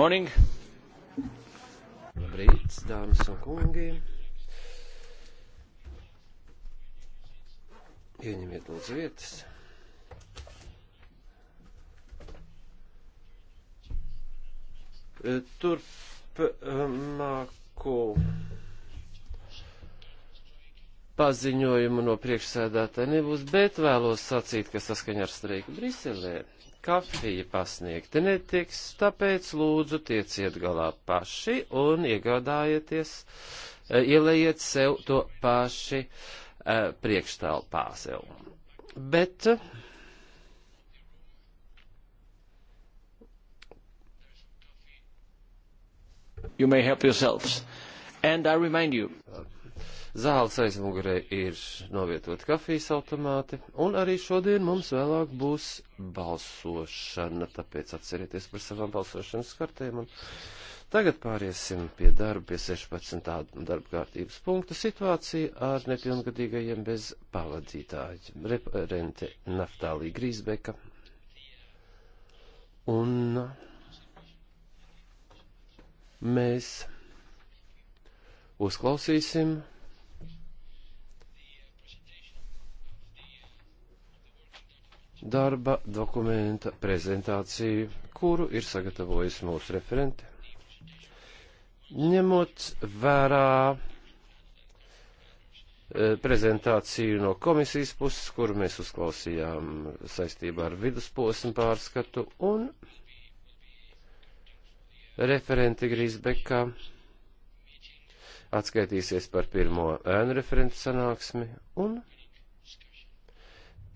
morning. Labrīt, dāmas un kungi. Ieņemiet lūdzu vietas. Turpmāko paziņojumu no priekšsēdētāja nebūs, bet vēlos sacīt, ka saskaņā ar streiku Briselē kafija pasniegta netiks, tāpēc lūdzu tieciet galā paši un iegādājieties, e, ielējiet sev to paši e, priekštālpā sev. Bet You may help yourselves. And I remind you. E, Zāles aizmugurē ir novietoti kafijas automāti, un arī šodien mums vēlāk būs balsošana, tāpēc atcerieties par savām balsošanas kartēm. Un tagad pāriesim pie darba, pie 16. darba kārtības punkta situācija ar nepilngadīgajiem bez pavadītāju. Referente Naftālī Grīsbeka. Un mēs uzklausīsim darba dokumenta prezentāciju, kuru ir sagatavojis mūsu referente. Ņemot vērā e, prezentāciju no komisijas puses, kuru mēs uzklausījām saistībā ar vidusposmu pārskatu, un referenti Grīsbekā atskaitīsies par pirmo ēnu referentu sanāksmi un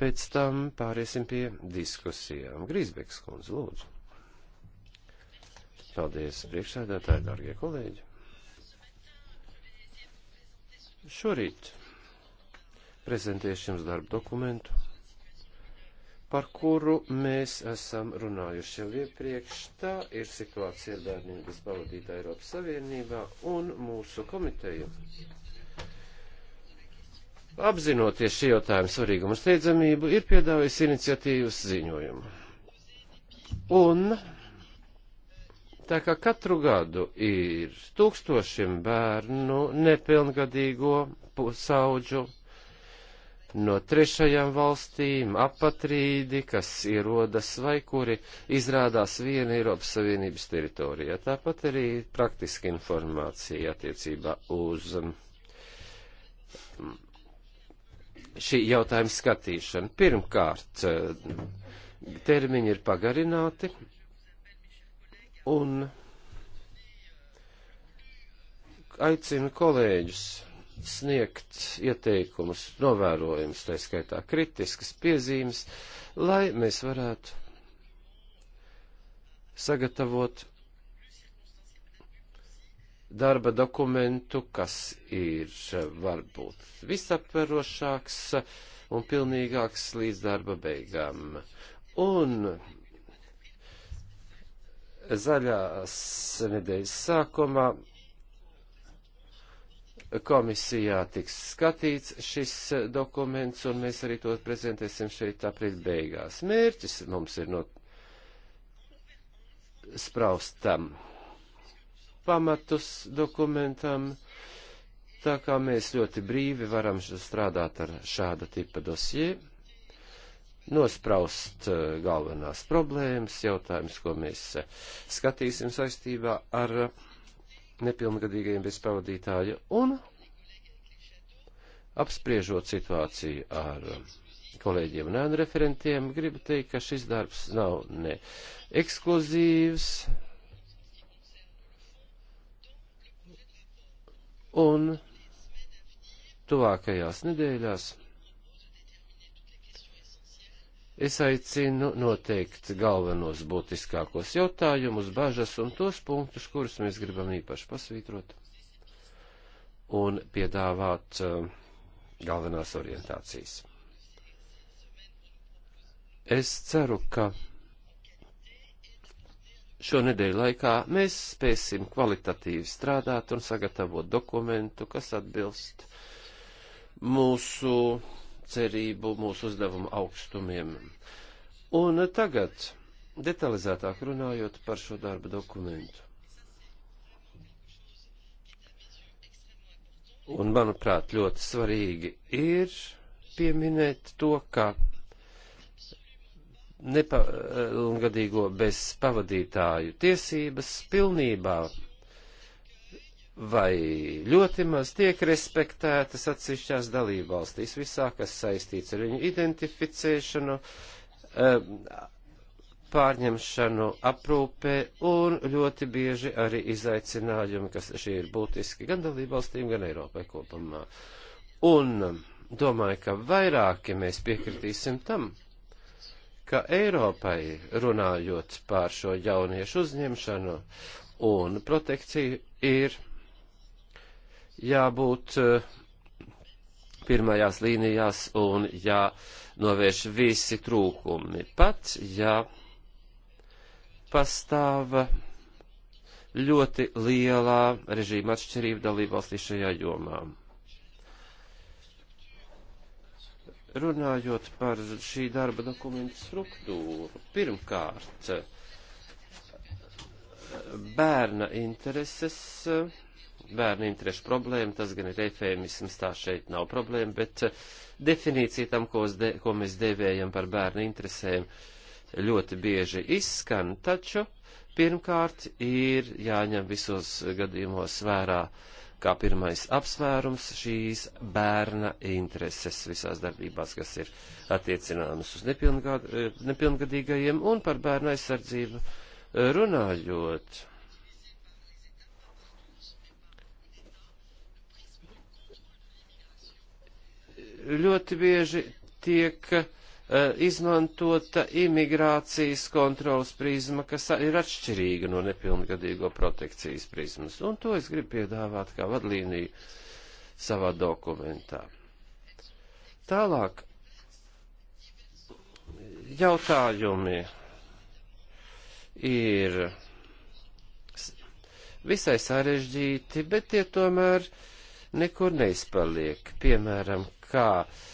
Pēc tam pāriesim pie diskusijām. Grīsbeks kundze, lūdzu. Paldies, priekšsēdētāji, dārgie kolēģi. Šorīt prezentēšu jums darbu dokumentu, par kuru mēs esam runājuši jau iepriekš. Tā ir situācija ar bērniem, kas pavadīta Eiropas Savienībā un mūsu komiteju apzinoties šī jautājuma svarīgumu steidzamību, ir piedāvājis iniciatīvas ziņojumu. Un tā kā katru gadu ir tūkstošiem bērnu nepilngadīgo pusauģu no trešajām valstīm, apatrīdi, kas ierodas vai kuri izrādās viena Eiropas Savienības teritorijā. Tāpat arī praktiska informācija attiecībā uz šī jautājuma skatīšana. Pirmkārt, eh, termiņi ir pagarināti, un aicinu kolēģus sniegt ieteikumus, novērojumus, tā skaitā kritiskas piezīmes, lai mēs varētu sagatavot darba dokumentu, kas ir varbūt visaptverošāks un pilnīgāks līdz darba beigām. Un zaļās nedēļas sākumā komisijā tiks skatīts šis dokuments, un mēs arī to prezentēsim šeit aprīļa beigās. Mērķis mums ir no spraustam. tam pamatus dokumentam, tā kā mēs ļoti brīvi varam strādāt ar šāda tipa dosie, nospraust eh, galvenās problēmas, jautājums, ko mēs eh, skatīsim saistībā ar eh, nepilngadīgajiem bezpavadītāju un apspriežot situāciju ar kolēģiem un referentiem, gribu teikt, ka šis darbs nav ne ekskluzīvs, Un tuvākajās nedēļās es aicinu noteikt galvenos būtiskākos jautājumus, bažas un tos punktus, kurus mēs gribam īpaši pasvītrot un piedāvāt um, galvenās orientācijas. Es ceru, ka šo nedēļu laikā mēs spēsim kvalitatīvi strādāt un sagatavot dokumentu, kas atbilst mūsu cerību, mūsu uzdevumu augstumiem. Un tagad detalizētāk runājot par šo darba dokumentu. Un, manuprāt, ļoti svarīgi ir pieminēt to, ka nepilngadīgo bez pavadītāju tiesības pilnībā vai ļoti maz tiek respektētas atsevišķās dalībvalstīs visā, kas saistīts ar viņu identificēšanu, eh, pārņemšanu aprūpē un ļoti bieži arī izaicinājumi, kas šie ir būtiski gan dalībvalstīm, gan Eiropai kopumā. Un eh, domāju, ka vairāki mēs piekritīsim tam, ka Eiropai runājot pār šo jauniešu uzņemšanu un protekciju ir jābūt eh, pirmajās līnijās un jānovērš visi trūkumi. Pat, ja pastāv ļoti lielā režīma atšķirība dalībvalstī šajā jomā. Runājot par šī darba dokumentu struktūru, pirmkārt, bērna intereses, bērna interešu problēma, tas gan ir efēmisms, tā šeit nav problēma, bet definīcija tam, ko, de, ko mēs devējam par bērna interesēm, ļoti bieži izskan, taču pirmkārt ir jāņem visos gadījumos vērā uh, kā pirmais apsvērums šīs bērna intereses visās darbībās, kas ir attiecināmas uz nepilngad, nepilngadīgajiem un par bērnu aizsardzību runājot. Ļoti bieži tiek uh, Eh, izmantota imigrācijas kontrolas prizma, kas ir atšķirīga no nepilngadīgo protekcijas prizmas. Un to es gribu piedāvāt kā vadlīniju savā dokumentā. Tālāk jautājumi ir visai sarežģīti, bet tie tomēr nekur neizpaliek. Piemēram, kā uh,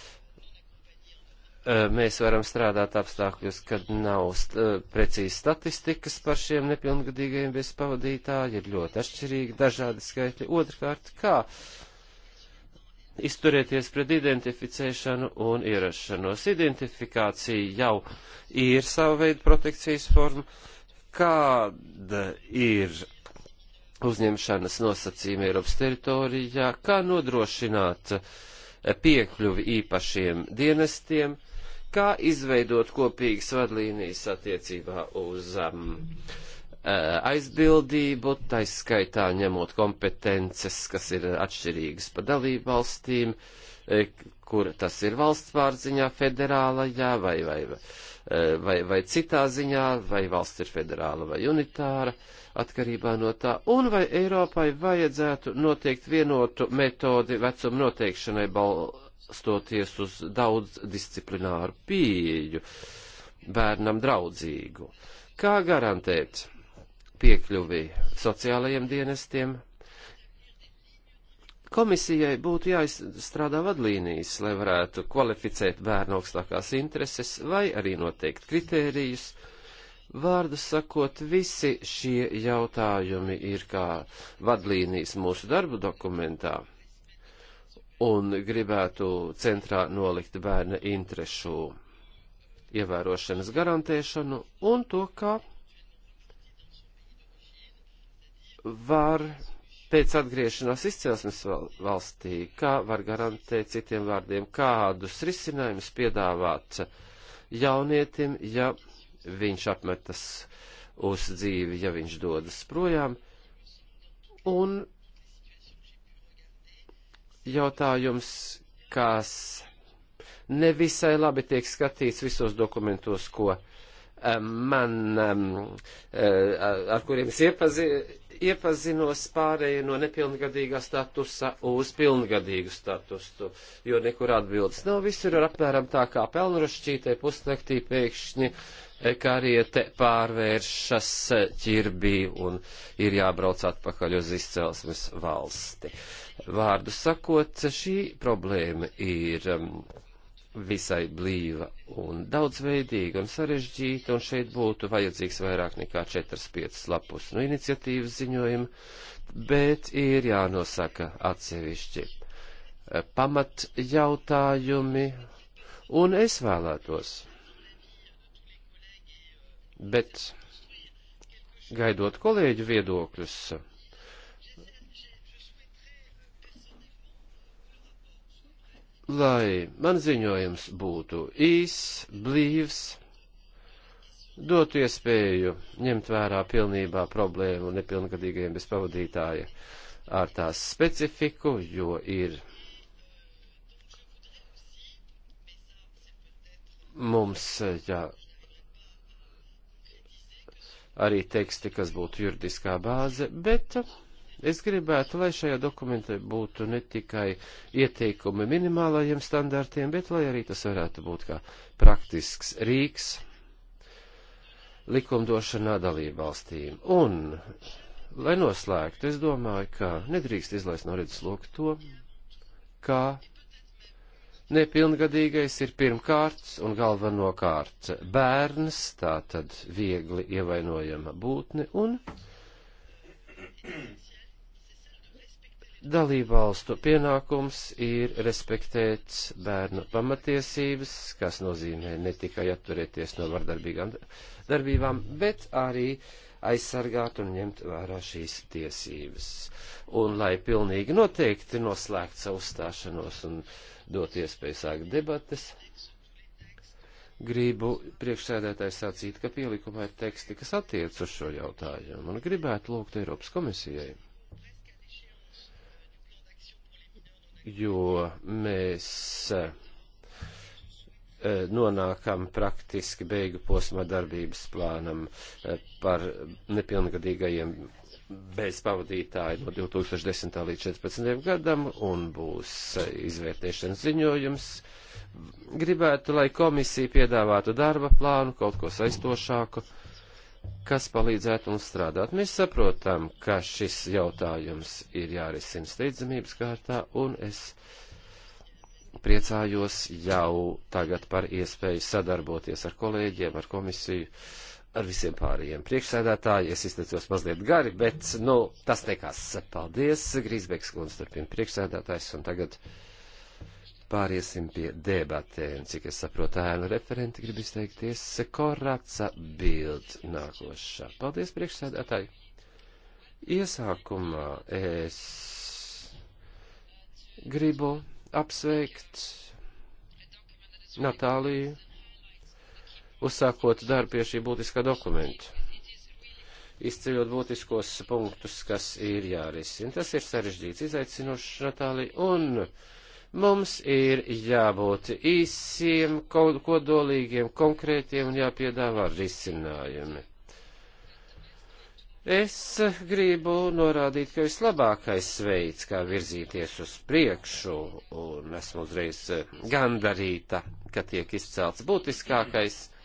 Eh, mēs varam strādāt apstākļos, kad nav st eh, precīzi statistikas par šiem nepilngadīgajiem bezpavadītāji, ir ļoti atšķirīgi dažādi skaitļi. Otrkārt, kā izturieties pret identificēšanu un ierašanos. Identifikācija jau ir sava veida protekcijas forma. Kāda ir uzņemšanas nosacījuma Eiropas teritorijā? Kā nodrošināt piekļuvi īpašiem dienestiem? kā izveidot kopīgas vadlīnijas attiecībā uz um, uh, aizbildību, taiskaitā ņemot kompetences, kas ir atšķirīgas pa dalību valstīm, e, kur tas ir valsts pārziņā, federālajā vai, vai, e, vai, vai citā ziņā, vai valsts ir federāla vai unitāra, atkarībā no tā, un vai Eiropai vajadzētu noteikt vienotu metodi vecuma noteikšanai bal, stoties uz daudz disciplināru pieeju, bērnam draudzīgu. Kā garantēt piekļuvi sociālajiem dienestiem? Komisijai būtu jāizstrādā vadlīnijas, lai varētu kvalificēt bērnu augstākās intereses vai arī noteikt kritērijus. Vārdu sakot, visi šie jautājumi ir kā vadlīnijas mūsu darbu dokumentā un gribētu centrā nolikt bērna interešu ievērošanas garantēšanu un to, kā var pēc atgriešanās izcelsmes valstī, kā var garantēt citiem vārdiem, kādus risinājumus piedāvāt jaunietim, ja viņš apmetas uz dzīvi, ja viņš dodas projām, un jautājums, kas nevisai labi tiek skatīts visos dokumentos, ko eh, man, eh, ar kuriem es iepazi, iepazinos pārēju no nepilngadīgā statusa uz pilngadīgu statusu, jo nekur atbildes nav. Visur ir apmēram tā kā pelnrašķītē pusnaktī pēkšņi eh, kariete pārvēršas ķirbī un ir jābrauc atpakaļ uz izcelsmes valsti. Vārdu sakot, šī problēma ir um, visai blīva un daudzveidīga un sarežģīta, un šeit būtu vajadzīgs vairāk nekā 4-5 lapus no iniciatīvas ziņojuma, bet ir jānosaka atsevišķi eh, pamat jautājumi, un es vēlētos. Bet gaidot kolēģu viedokļus, lai man ziņojums būtu īs, blīvs, dotu iespēju ņemt vērā pilnībā problēmu nepilngadīgajiem bez pavadītāja ar tās specifiku, jo ir mums, jā, arī teksti, kas būtu juridiskā bāze, bet Es gribētu, lai šajā dokumentā būtu ne tikai ieteikumi minimālajiem standartiem, bet lai arī tas varētu būt kā praktisks rīks likumdošanā dalību valstīm. Un, lai noslēgtu, es domāju, ka nedrīkst izlaist no redzes loku to, kā Nepilngadīgais ir pirmkārts un galvenokārt bērns, tā tad viegli ievainojama būtne un Dalībvalstu pienākums ir respektēt bērnu pamatiesības, kas nozīmē ne tikai atturēties no vardarbīgām darbībām, bet arī aizsargāt un ņemt vērā šīs tiesības. Un, lai pilnīgi noteikti noslēgt savu stāšanos un dot iespēju sākt debates, gribu priekšsēdētāji sacīt, ka pielikumā ir teksti, kas attiec uz šo jautājumu, un gribētu lūgt Eiropas komisijai jo mēs eh, nonākam praktiski beigu posmā darbības plānam eh, par nepilngadīgajiem bez pavadītāja no 2010. līdz 2014. gadam un būs eh, izvērtēšanas ziņojums. Gribētu, lai komisija piedāvātu darba plānu, kaut ko saistošāku. Mm kas palīdzētu mums strādāt. Mēs saprotam, ka šis jautājums ir jārisina steidzamības kārtā, un es priecājos jau tagad par iespēju sadarboties ar kolēģiem, ar komisiju, ar visiem pārējiem priekšsēdētāji. Es izteicos mazliet gari, bet, nu, tas nekas. Paldies, Grīsbeks kundze, turpina priekšsēdētājs, un tagad. Pāriesim pie debatēm, cik es saprotu, ēnu referenti grib izteikties. Koraca bild nākošā. Paldies, priekšsēdētāji. Iesākumā es gribu apsveikt Natāliju, uzsākot darbu pie šī būtiskā dokumenta izceļot būtiskos punktus, kas ir jārisina. Tas ir sarežģīts, izaicinošs, Natālija, un Mums ir jābūt īsiem, kodolīgiem, konkrētiem un jāpiedāvā risinājumi. Es gribu norādīt, ka vislabākais veids, kā virzīties uz priekšu, un esmu uzreiz gandarīta, ka tiek izcelts būtiskākais, mm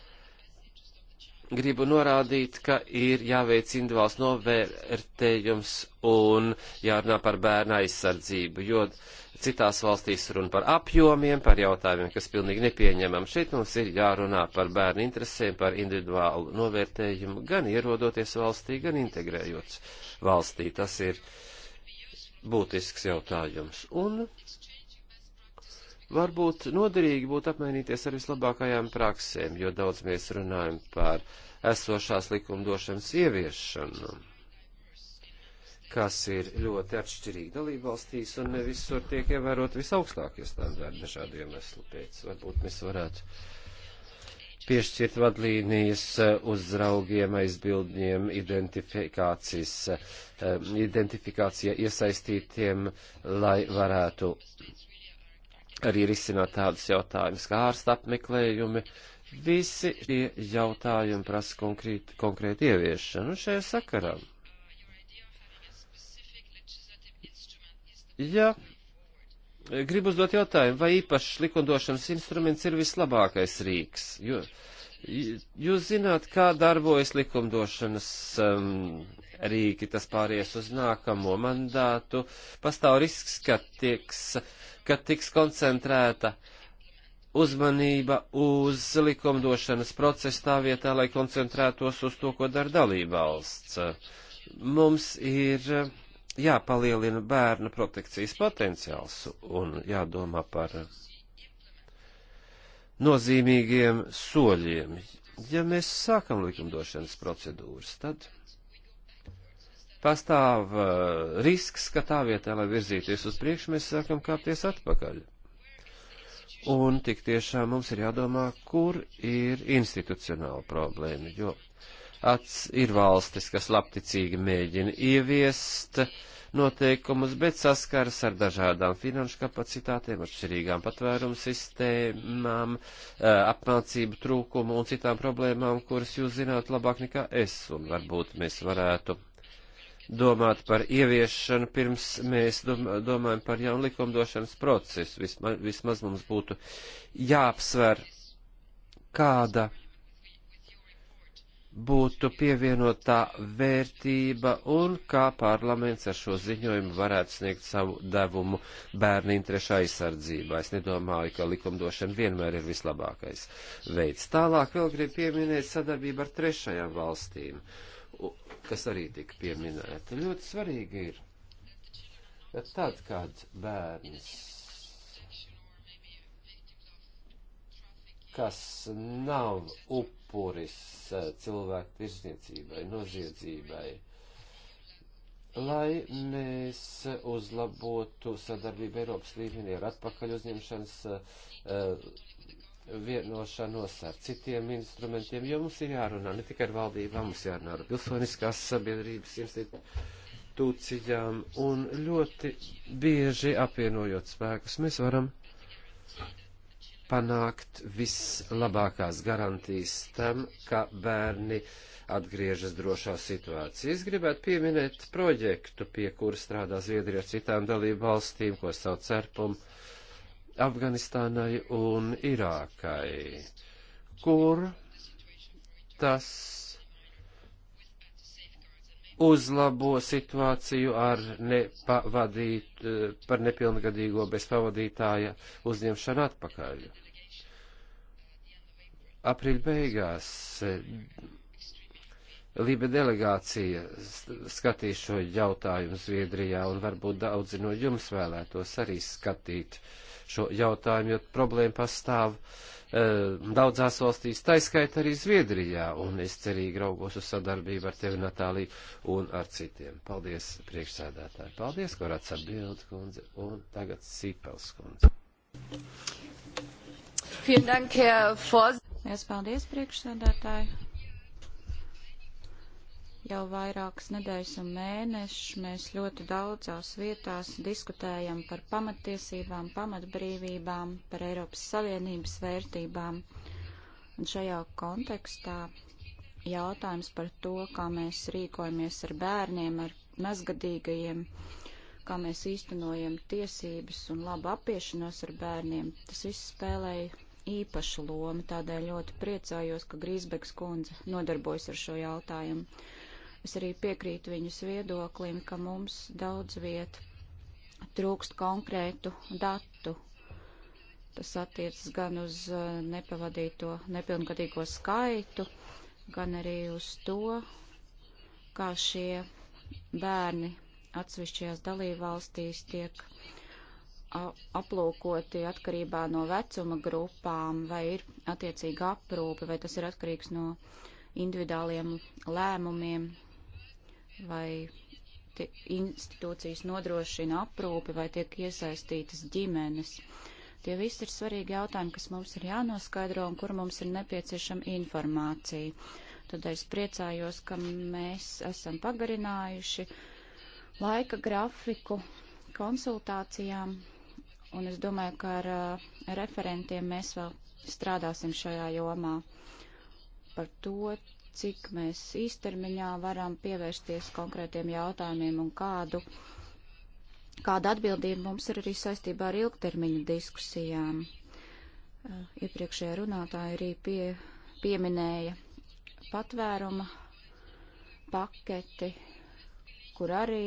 gribu norādīt, ka ir jāveic individuāls novērtējums un jārunā par bērna aizsardzību, jo citās valstīs runa par apjomiem, par jautājumiem, kas pilnīgi nepieņemam. Šeit mums ir jārunā par bērnu interesēm, par individuālu novērtējumu, gan ierodoties valstī, gan integrējot valstī. Tas ir būtisks jautājums. Un Varbūt noderīgi būtu apmainīties ar vislabākajām praksēm, jo daudz mēs runājam par esošās likumdošanas ieviešanu, kas ir ļoti atšķirīgi dalībvalstīs un ne visur tiek ievērot visaugstākie standarti dažādu iemeslu pēc. Varbūt mēs varētu piešķirt vadlīnijas eh, uzraugiem, aizbildņiem, identifikācijas, eh, identifikācija iesaistītiem, lai varētu arī risināt tādus jautājumus kā ārsta apmeklējumi. Visi šie jautājumi prasa konkrēti, konkrēti ieviešanu šajā sakarā. Ja gribu uzdot jautājumu, vai īpašs likumdošanas instruments ir vislabākais rīks, jo jūs zināt, kā darbojas likumdošanas um, rīki, tas pāries uz nākamo mandātu, pastāv risks, ka tieks uh, ka tiks koncentrēta uzmanība uz likumdošanas procesu tā vietā, lai koncentrētos uz to, ko dara dalībvalsts. Mums ir jāpalielina bērnu protekcijas potenciāls un jādomā par nozīmīgiem soļiem. Ja mēs sākam likumdošanas procedūras, tad pastāv uh, risks, ka tā vietā, lai virzīties uz priekšu, mēs sākam kāpties atpakaļ. Un tik tiešām mums ir jādomā, kur ir institucionāla problēma, jo ats ir valstis, kas labticīgi mēģina ieviest noteikumus, bet saskaras ar dažādām finanšu kapacitātēm, atšķirīgām patvērumu sistēmām, uh, apmācību trūkumu un citām problēmām, kuras jūs zināt labāk nekā es, un varbūt mēs varētu domāt par ieviešanu, pirms mēs domājam par jaunu likumdošanas procesu. Vismaz, vismaz mums būtu jāapsver, kāda būtu pievienotā vērtība un kā parlaments ar šo ziņojumu varētu sniegt savu devumu bērnu interešu aizsardzībā. Es nedomāju, ka likumdošana vienmēr ir vislabākais veids. Tālāk vēl gribu pieminēt sadarbību ar trešajām valstīm. Uh, kas arī tika pieminēta. Ļoti svarīgi ir, ka tad, kad bērns, kas nav upuris eh, cilvēku tirsniecībai, noziedzībai, lai mēs uzlabotu sadarbību Eiropas līmenī ar atpakaļ uzņemšanas uh, vienošanos ar citiem instrumentiem, jo mums ir jārunā ne tikai ar valdībām, mums jārunā ar pilsoniskās sabiedrības institūcijām, un ļoti bieži apvienojot spēkus mēs varam panākt vislabākās garantijas tam, ka bērni atgriežas drošā situācijā. Es gribētu pieminēt projektu, pie kura strādā Zviedrija ar citām dalību valstīm, ko sauc Cerpumu Afganistānai un Irākai, kur tas uzlabo situāciju ar nepavadīt, par nepilngadīgo bez pavadītāja uzņemšanu atpakaļ. Aprīļa beigās Lība delegācija skatīs šo jautājumu Zviedrijā un varbūt daudzi no jums vēlētos arī skatīt uh, šo jautājumu, jo problēma pastāv e, daudzās valstīs, taiskait arī Zviedrijā, un es cerīgi raugos uz sadarbību ar tevi, Natāliju, un ar citiem. Paldies, priekšsēdētāji. Paldies, Korats atbild, kundze, un tagad Sīpels, kundze. Vielen Dank, Herr Vorsitz. Es paldies, priekšsēdētāji. Jau vairākas nedēļas un mēnešus mēs ļoti daudzās vietās diskutējam par pamatiesībām, pamatbrīvībām, par Eiropas Savienības vērtībām. Un šajā kontekstā jautājums par to, kā mēs rīkojamies ar bērniem, ar mazgadīgajiem, kā mēs īstenojam tiesības un labu apiešanos ar bērniem, tas viss spēlēja īpašu lomu, tādēļ ļoti priecājos, ka Grīsbeks kundze nodarbojas ar šo jautājumu. Es arī piekrītu viņas viedoklim, ka mums daudz viet trūkst konkrētu datu. Tas attiecas gan uz eh, nepavadīto nepilngadīgo skaitu, gan arī uz to, kā šie bērni atsevišķajās dalībvalstīs tiek aplūkoti atkarībā no vecuma grupām, vai ir attiecīga aprūpe, vai tas ir atkarīgs no individuāliem lēmumiem, vai institūcijas nodrošina aprūpi, vai tiek iesaistītas ģimenes. Tie visi ir svarīgi jautājumi, kas mums ir jānoskaidro un kur mums ir nepieciešama informācija. Tad es priecājos, ka mēs esam pagarinājuši laika grafiku konsultācijām, un es domāju, ka ar uh, referentiem mēs vēl strādāsim šajā jomā par to, cik mēs īstermiņā varam pievērsties konkrētiem jautājumiem un kādu, kāda atbildība mums ir arī saistībā ar ilgtermiņu diskusijām. Eh, iepriekšējā runātāja arī pie, pieminēja patvēruma paketi, kur arī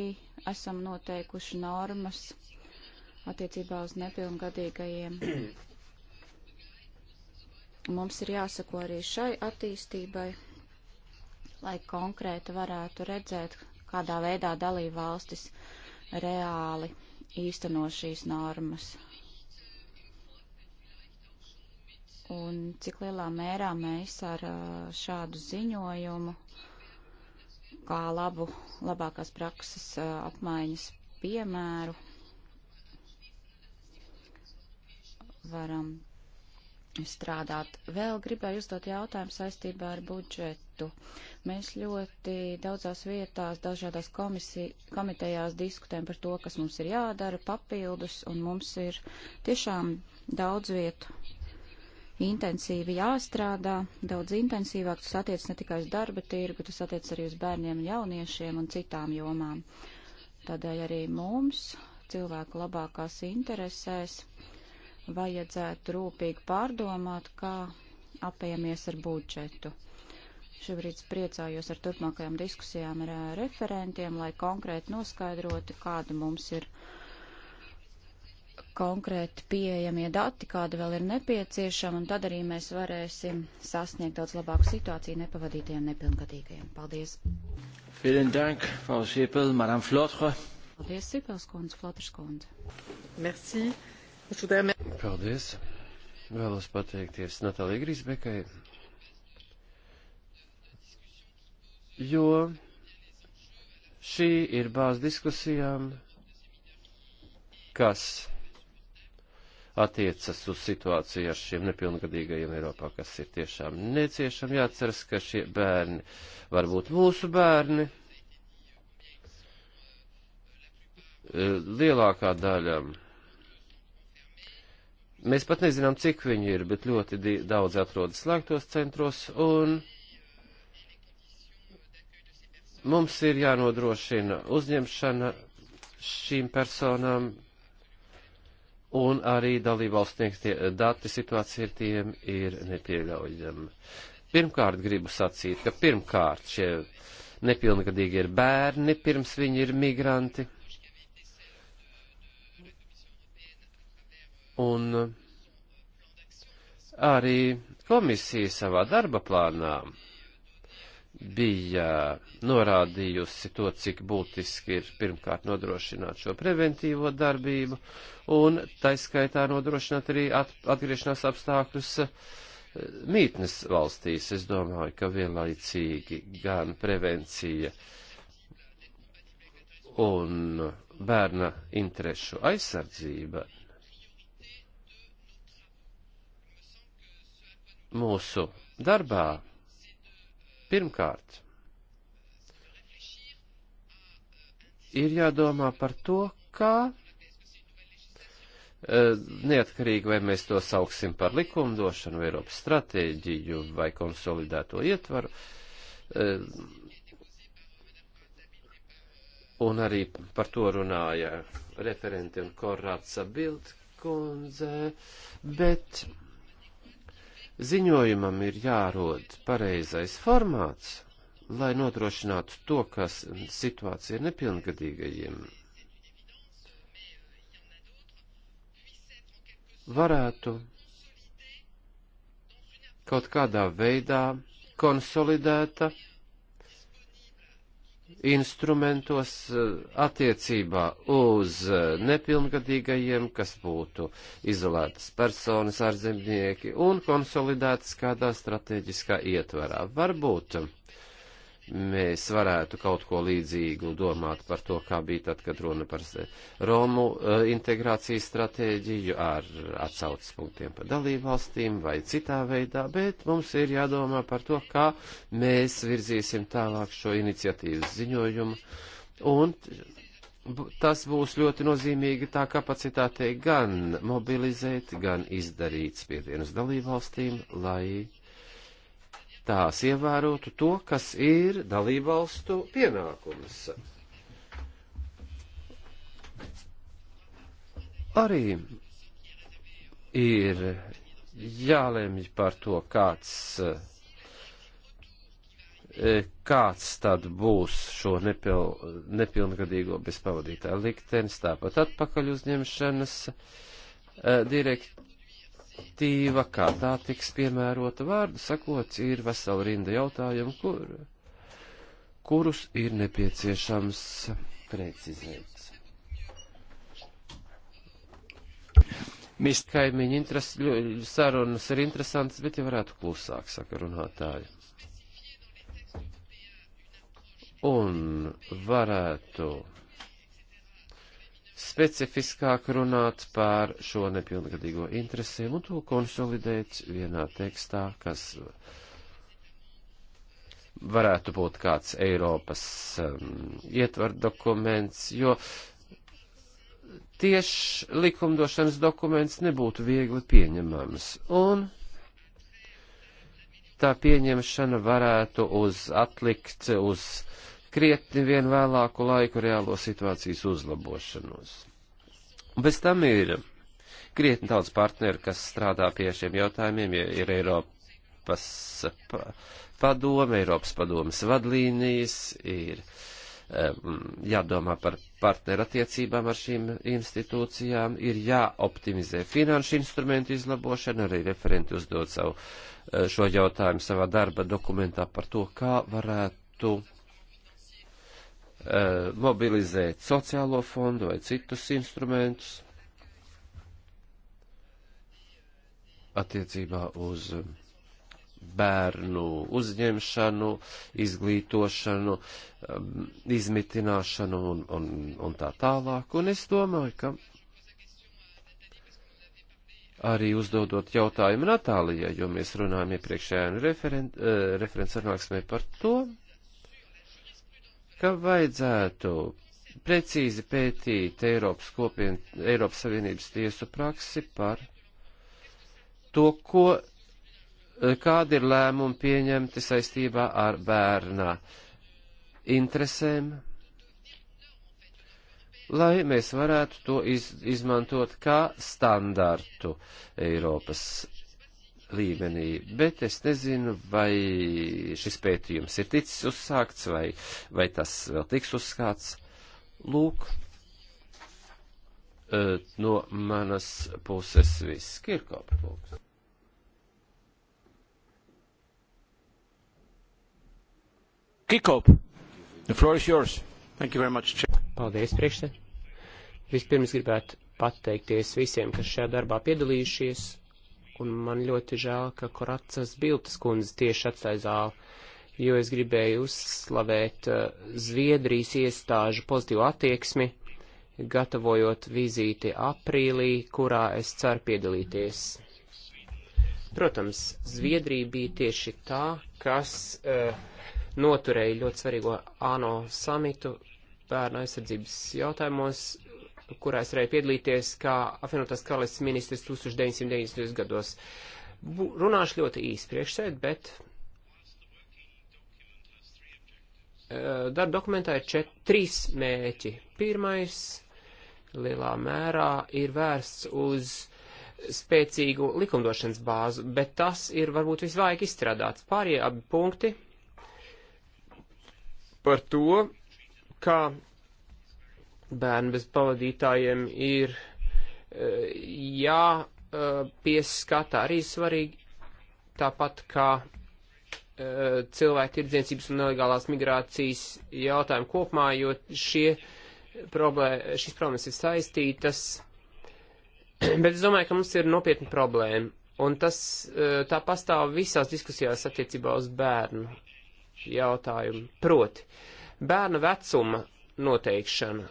esam noteikuši normas attiecībā uz nepilngadīgajiem. Mums ir jāsako arī šai attīstībai lai konkrēti varētu redzēt, kādā veidā dalība valstis reāli īsteno šīs normas. Un cik lielā mērā mēs ar šādu ziņojumu, kā labu, labākās prakses apmaiņas piemēru, varam strādāt. Vēl gribēju uzdot jautājumu saistībā ar budžetu. Mēs ļoti daudzās vietās, dažādās komisij, komitejās diskutējam par to, kas mums ir jādara papildus, un mums ir tiešām daudz vietu intensīvi jāstrādā, daudz intensīvāk. Tas attiec ne tikai uz darba tirgu, tas attiec arī uz bērniem un jauniešiem un citām jomām. Tādēļ arī mums cilvēku labākās interesēs vajadzētu rūpīgi pārdomāt, kā apējamies ar budžetu. Šobrīd priecājos ar turpmākajām diskusijām ar referentiem, lai konkrēti noskaidrotu, kāda mums ir konkrēti pieejamie dati, kāda vēl ir nepieciešama, un tad arī mēs varēsim sasniegt daudz labāku situāciju nepavadītajiem nepilngadīgajiem. Paldies! Vielen Dank, Frau Schiepel, Madame Flotre. Paldies, Sipels kundze, Flotras kundze. Merci. Paldies. Vēlos pateikties Natālijai Grīsbekai, jo šī ir bāz diskusijām, kas attiecas uz situāciju ar šiem nepilngadīgajiem Eiropā, kas ir tiešām neciešami. Jāatceras, ka šie bērni var būt mūsu bērni. Lielākā daļa Mēs pat nezinām, cik viņi ir, bet ļoti daudz atrodas slēgtos centros, un mums ir jānodrošina uzņemšana šīm personām, un arī dalībvalstnieks dati situācija ar tiem ir nepieļaujama. Pirmkārt, gribu sacīt, ka pirmkārt šie nepilngadīgi ir bērni, pirms viņi ir migranti. Un arī komisija savā darba plānā bija norādījusi to, cik būtiski ir pirmkārt nodrošināt šo preventīvo darbību un taiskaitā nodrošināt arī at, atgriešanās apstākļus eh, mītnes valstīs. Es domāju, ka vienlaicīgi gan prevencija un bērna interešu aizsardzība mūsu darbā pirmkārt ir jādomā par to, kā eh, neatkarīgi vai mēs to sauksim par likumdošanu, Eiropas stratēģiju vai konsolidēto ietvaru, eh, un arī par to runāja referenti un korrāca bild kundze, bet ziņojumam ir jārod pareizais formāts, lai nodrošinātu to, kas situācija ir nepilngadīgajiem. Varētu kaut kādā veidā konsolidēta instrumentos eh, attiecībā uz eh, nepilngadīgajiem, kas būtu izolētas personas, ārzemnieki un konsolidētas kādā strateģiskā ietvarā. Varbūt mēs varētu kaut ko līdzīgu domāt par to, kā bija tad, kad runa par Romu e, integrācijas stratēģiju ar atsaucas punktiem par dalībvalstīm vai citā veidā, bet mums ir jādomā par to, kā mēs virzīsim tālāk šo iniciatīvas ziņojumu. Un tas būs ļoti nozīmīgi tā kapacitātei gan mobilizēt, gan izdarīt spiedienus dalībvalstīm, lai tās ievērotu to, kas ir dalībvalstu pienākums. Arī ir jālemj par to, kāds, kāds tad būs šo nepil, nepilngadīgo bezpavadītāju liktenis, tāpat atpakaļ uzņemšanas eh, direktīva direktīva, kā tā tiks piemērota vārdu sakots, ir vesela rinda jautājumu, kur, kurus ir nepieciešams precizēt. Mist kaimiņu interes, sarunas ir interesantas, bet ja varētu klusāk saka runātāji. Un varētu specifiskāk runāt par šo nepilngadīgo interesēm un to konsolidēt vienā tekstā, kas varētu būt kāds Eiropas um, ietvar dokuments, jo tieši likumdošanas dokuments nebūtu viegli pieņemams. Un tā pieņemšana varētu uz atlikt uz krietni vien vēlāku laiku reālo situācijas uzlabošanos. Bez tam ir krietni daudz partneru, kas strādā pie šiem jautājumiem, ja ir Eiropas padome, Eiropas padomas vadlīnijas, ir um, jādomā par partneru attiecībām ar šīm institūcijām, ir jāoptimizē finanšu instrumentu izlabošana, arī referenti uzdod savu eh, šo jautājumu savā darba dokumentā par to, kā varētu Eh, mobilizēt sociālo fondu vai citus instrumentus attiecībā uz bērnu uzņemšanu, izglītošanu, izmitināšanu un, un, un tā tālāk. Un es domāju, ka arī uzdodot jautājumu Natālijai, jo mēs runājam iepriekšējā referen, eh, referents sanāksmē par to, ka vajadzētu precīzi pētīt Eiropas, kopien, Eiropas Savienības tiesu praksi par to, ko, kādi ir lēmumi pieņemti saistībā ar bērnā interesēm, lai mēs varētu to iz, izmantot kā standartu Eiropas līmenī, bet es nezinu, vai šis pētījums ir ticis uzsākts, vai, vai tas vēl tiks uzsākts. Lūk, e, no manas puses viss. Kirkopa, lūk. Kirkop, the floor is yours. Thank you very much. Paldies, priekšsēd. Vispirms gribētu pateikties visiem, kas šajā darbā piedalījušies un man ļoti žēl, ka Koracas Biltas kundze tieši atstāja zāli, jo es gribēju uzslavēt uh, Zviedrijas iestāžu pozitīvu attieksmi, gatavojot vizīti aprīlī, kurā es ceru piedalīties. Protams, Zviedrija bija tieši tā, kas uh, noturēja ļoti svarīgo ANO samitu bērnu aizsardzības jautājumos, kurā es varēju piedalīties kā apvienotās karalists ministrs 1990. gados. Bu, runāšu ļoti īsi priekšsēd, bet e, darba dokumentā ir čet, trīs mēķi. Pirmais lielā mērā ir vērsts uz spēcīgu likumdošanas bāzu, bet tas ir varbūt visvairāk izstrādāts. Pārējie abi punkti par to, kā bērnu bez pavadītājiem ir e, jāpieskata e, arī svarīgi, tāpat kā e, cilvēku tirdzniecības un nelegālās migrācijas jautājumu kopumā, jo šie problē, šīs problēmas ir saistītas. Bet es domāju, ka mums ir nopietna problēma. Un tas tā pastāv visās diskusijās attiecībā uz bērnu jautājumu. Proti, bērnu vecuma noteikšana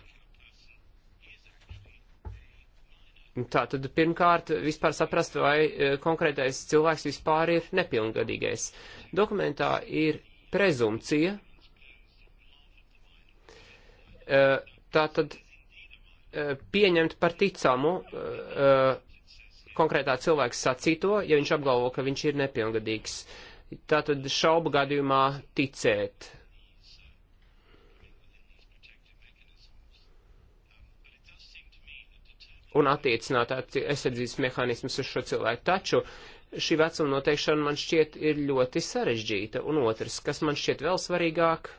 Tā tad pirmkārt vispār saprast, vai e, konkrētais cilvēks vispār ir nepilngadīgais. Dokumentā ir prezumcija. E, tā tad e, pieņemt par ticamu konkrētā cilvēka sacīto, ja viņš apgalvo, ka viņš ir nepilngadīgs. Tātad šaubu gadījumā ticēt un attiecināt aizsardzības mehānismus uz šo cilvēku. Taču šī vecuma noteikšana man šķiet ir ļoti sarežģīta, un otrs, kas man šķiet vēl svarīgāk,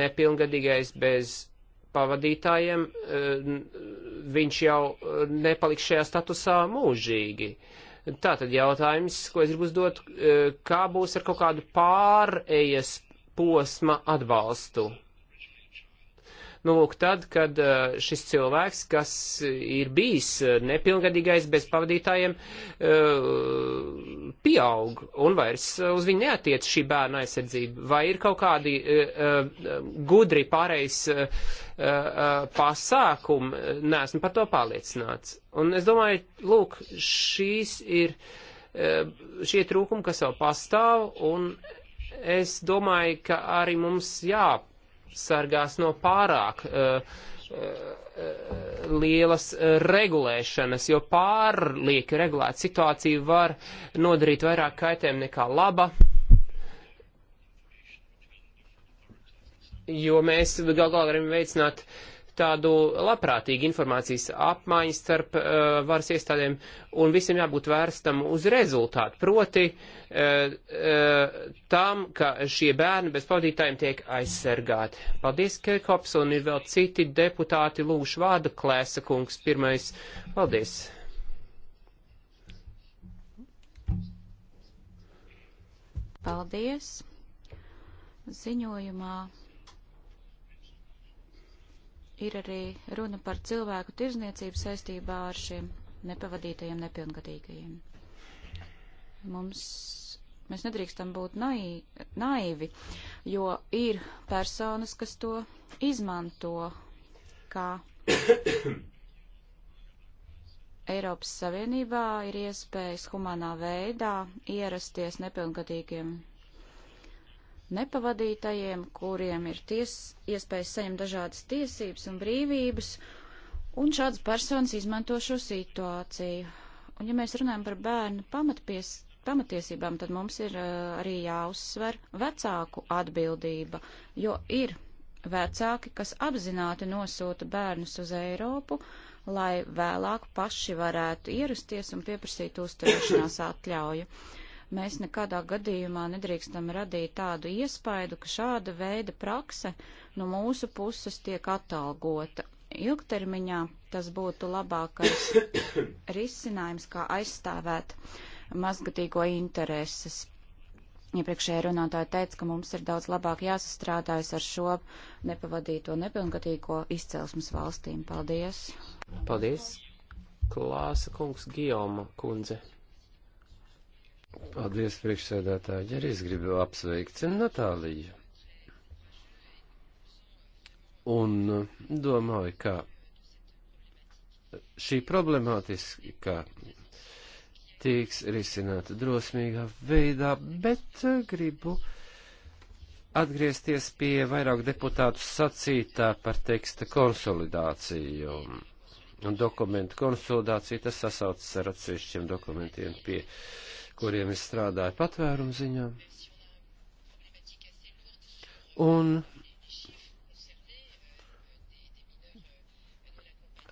nepilngadīgais bez pavadītājiem, eh, viņš jau nepaliks šajā statusā mūžīgi. Tātad jautājums, ko es gribu uzdot, eh, kā būs ar kaut kādu pārējas posma atbalstu? Nu, lūk, tad, kad uh, šis cilvēks, kas ir bijis uh, nepilngadīgais bez pavadītājiem, uh, pieaug un vairs uz viņu neatiec šī bērna aizsardzība, vai ir kaut kādi gudri pārējais pasākumi, neesmu par to pārliecināts. Un es domāju, lūk, šīs ir šie trūkumi, kas vēl pastāv, un es domāju, ka arī mums jā sargās no pārāk uh, lielas eh, regulēšanas, jo pārlieki regulēta situācija var nodarīt vairāk kaitēm nekā laba. Jo mēs galvā varam veicināt uh, tādu labprātīgu informācijas apmaiņu starp uh, varas iestādēm un visiem jābūt vērstam uz rezultātu. Proti uh, uh, tam, ka šie bērni bez pavadītājiem tiek aizsargāti. Paldies, Kirkops, un ir vēl citi deputāti lūšu vārdu. Klēsa kungs pirmais. Paldies. Paldies. Ziņojumā ir arī runa par cilvēku tirzniecību saistībā ar šiem nepavadītajiem nepilngadīgajiem. Mums, mēs nedrīkstam būt nai, naivi, jo ir personas, kas to izmanto kā Eiropas Savienībā ir iespējas humanā veidā ierasties nepilngadīgiem nepavadītajiem, kuriem ir ties, iespējas saņemt dažādas tiesības un brīvības, un šādas personas izmanto šo situāciju. Un ja mēs runājam par bērnu pamatpies, pamatiesībām, tad mums ir uh, arī jāuzsver vecāku atbildība, jo ir vecāki, kas apzināti nosūta bērnus uz Eiropu, lai vēlāk paši varētu ierasties un pieprasīt uzturēšanās atļauju. Uh, Mēs nekādā gadījumā nedrīkstam radīt tādu iespaidu, ka šāda veida prakse no mūsu puses tiek atalgota. Ilgtermiņā tas būtu labākais risinājums, kā aizstāvēt mazgatīgo intereses. Iepriekšējā runātāja teica, ka mums ir daudz labāk jāsastrādājas ar šo nepavadīto nepilngadīgo izcelsmes valstīm. Paldies! Paldies! Klāsa kungs Gijoma kundze. Paldies, priekšsēdētāji. Arī es gribu apsveikt Natāliju. Un domāju, ka šī problemātiska tiks risināta drosmīgā veidā, bet gribu atgriezties pie vairāk deputātu sacītā par teksta konsolidāciju. Un dokumentu konsolidāciju tas sasaucas ar atsevišķiem dokumentiem pie uh, kuriem es strādāju patvērumu ziņā. Un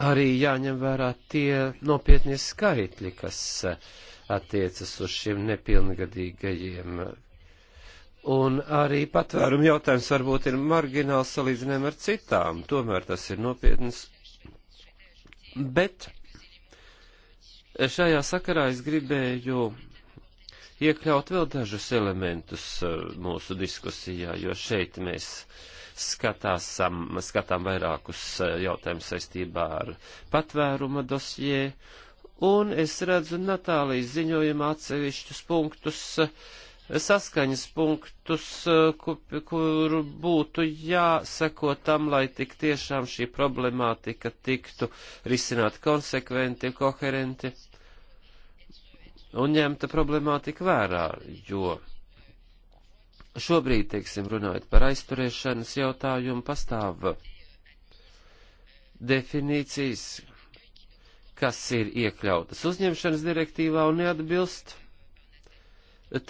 arī jāņem vērā tie nopietnie skaitļi, kas eh, attiecas uz šiem nepilngadīgajiem. Un arī patvērumu jautājums varbūt ir margināls salīdzinājumā ar citām, tomēr tas ir nopietns. Bet šajā sakarā es gribēju iekļaut vēl dažus elementus eh, mūsu diskusijā, jo šeit mēs skatām, skatām vairākus eh, jautājumus saistībā ar patvēruma dosjē, un es redzu Natālijas ziņojuma atsevišķus punktus, eh, saskaņas punktus, kur, kur būtu jāseko tam, lai tik tiešām šī problemātika tiktu risināt konsekventi, koherenti un ņemta problemātika vērā, jo šobrīd, teiksim, runājot par aizturēšanas jautājumu, pastāv definīcijas, kas ir iekļautas uzņemšanas direktīvā un neatbilst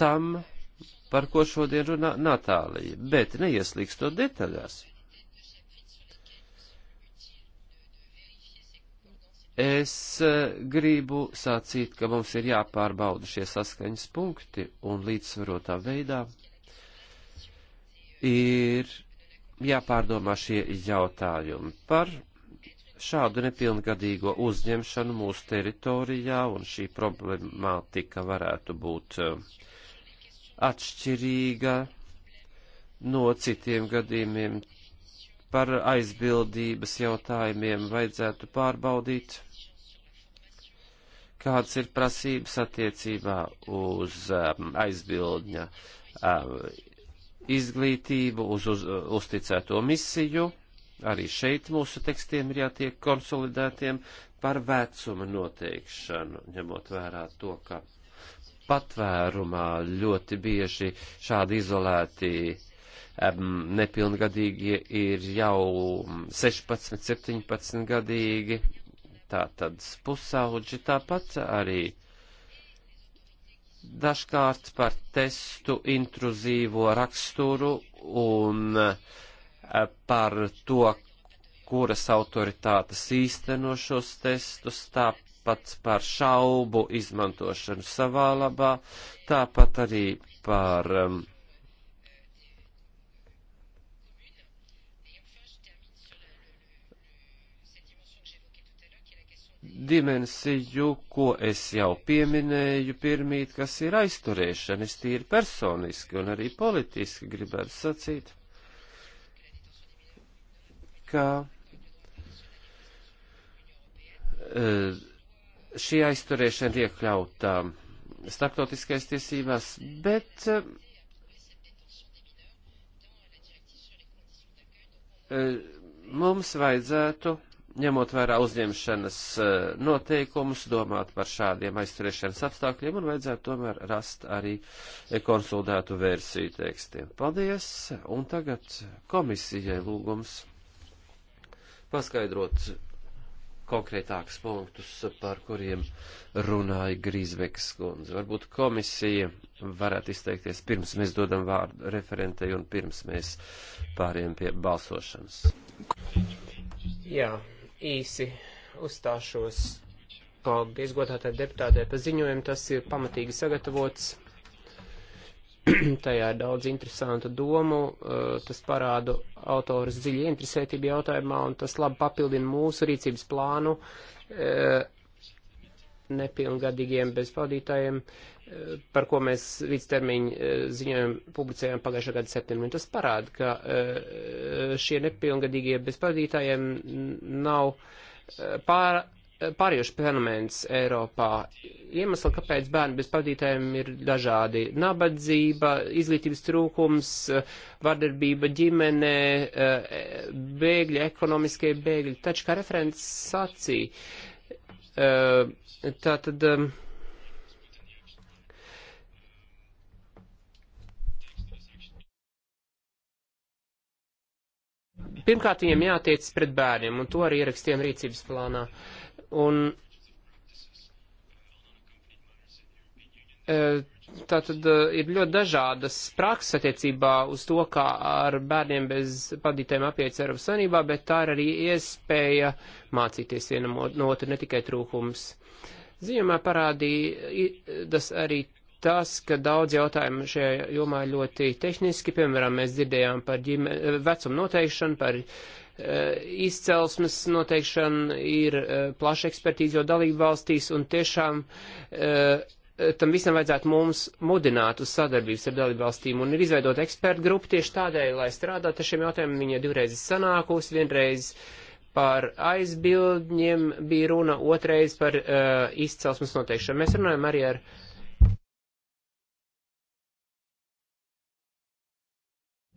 tam, par ko šodien runā Natālija, bet neieslīgstot detaļās. Es eh, gribu sacīt, ka mums ir jāpārbauda šie saskaņas punkti un līdzsvarotā veidā ir jāpārdomā šie jautājumi par šādu nepilngadīgo uzņemšanu mūsu teritorijā un šī problemātika varētu būt eh, atšķirīga no citiem gadījumiem par aizbildības jautājumiem vajadzētu pārbaudīt kādas ir prasības attiecībā uz um, aizbildņa um, izglītību, uz, uz uzticēto misiju. Arī šeit mūsu tekstiem ir jātiek konsolidētiem par vecuma noteikšanu, ņemot vērā to, ka patvērumā ļoti bieži šādi izolēti um, nepilngadīgie ir jau 16, 17 gadīgi, Tātad pusauģi tāpat arī dažkārt par testu intruzīvo raksturu un eh, par to, kuras autoritātes īsteno šos testus, tāpat par šaubu izmantošanu savā labā, tāpat arī par um, dimensiju, ko es jau pieminēju pirmīt, kas ir aizturēšana. Es tīri personiski un arī politiski gribētu sacīt, ka e, šī aizturēšana ir iekļauta starptautiskais tiesībās, bet e, mums vajadzētu ņemot vērā uzņemšanas eh, noteikumus, domāt par šādiem aizturēšanas apstākļiem un vajadzētu tomēr rast arī eh, konsultētu versiju tekstiem. Paldies! Un tagad komisijai lūgums paskaidrot konkrētākus punktus, par kuriem runāja Grīsbekas kundze. Varbūt komisija varētu izteikties pirms mēs dodam vārdu referentei un pirms mēs pāriem pie balsošanas. Jā. Yeah īsi uzstāšos. Paldies, godātai deputātē, par ziņojumu. Tas ir pamatīgi sagatavots. Tajā ir daudz interesantu domu. Eh, tas parāda autoras dziļi interesētību jautājumā, un tas labi papildina mūsu rīcības plānu eh, nepilngadīgiem bezpavadītājiem. Uh, par ko mēs vidustermiņu eh, ziņojumu publicējām pagājušā gada septembrī. Tas parāda, ka eh, šie nepilngadīgie bezpavadītājiem nav eh, pār, pārējošs fenomens Eiropā. Iemesli, kāpēc bērni bezpavadītājiem ir dažādi - nabadzība, izglītības trūkums, vardarbība ģimenē, bēgļi, ekonomiskie bēgļi. Taču, kā referents sacīja, tātad. tad um, Pirmkārt, viņiem jātiec pret bērniem, un to arī ierakstiem rīcības plānā. Un, e, tā tad e, ir ļoti dažādas prakses attiecībā uz to, kā ar bērniem bez padītēm apiet Eiropas Savienībā, bet tā ir arī iespēja mācīties vienam no otra, ne tikai trūkums. Ziņumā parādīja tas arī tas, ka daudz jautājumu šajā jomā ir ļoti tehniski. Piemēram, mēs dzirdējām par ģime, vecumu noteikšanu, par uh, izcelsmes noteikšanu, ir uh, plaša ekspertīze jau dalību valstīs un tiešām uh, tam visam vajadzētu mums mudināt uz sadarbības ar dalībvalstīm un ir izveidot ekspertu grupu tieši tādēļ, lai strādātu ar šiem jautājumiem. Viņa divreiz ir sanākusi, vienreiz par aizbildņiem bija runa, otrreiz par uh, izcelsmes noteikšanu. Mēs runājam arī ar uh,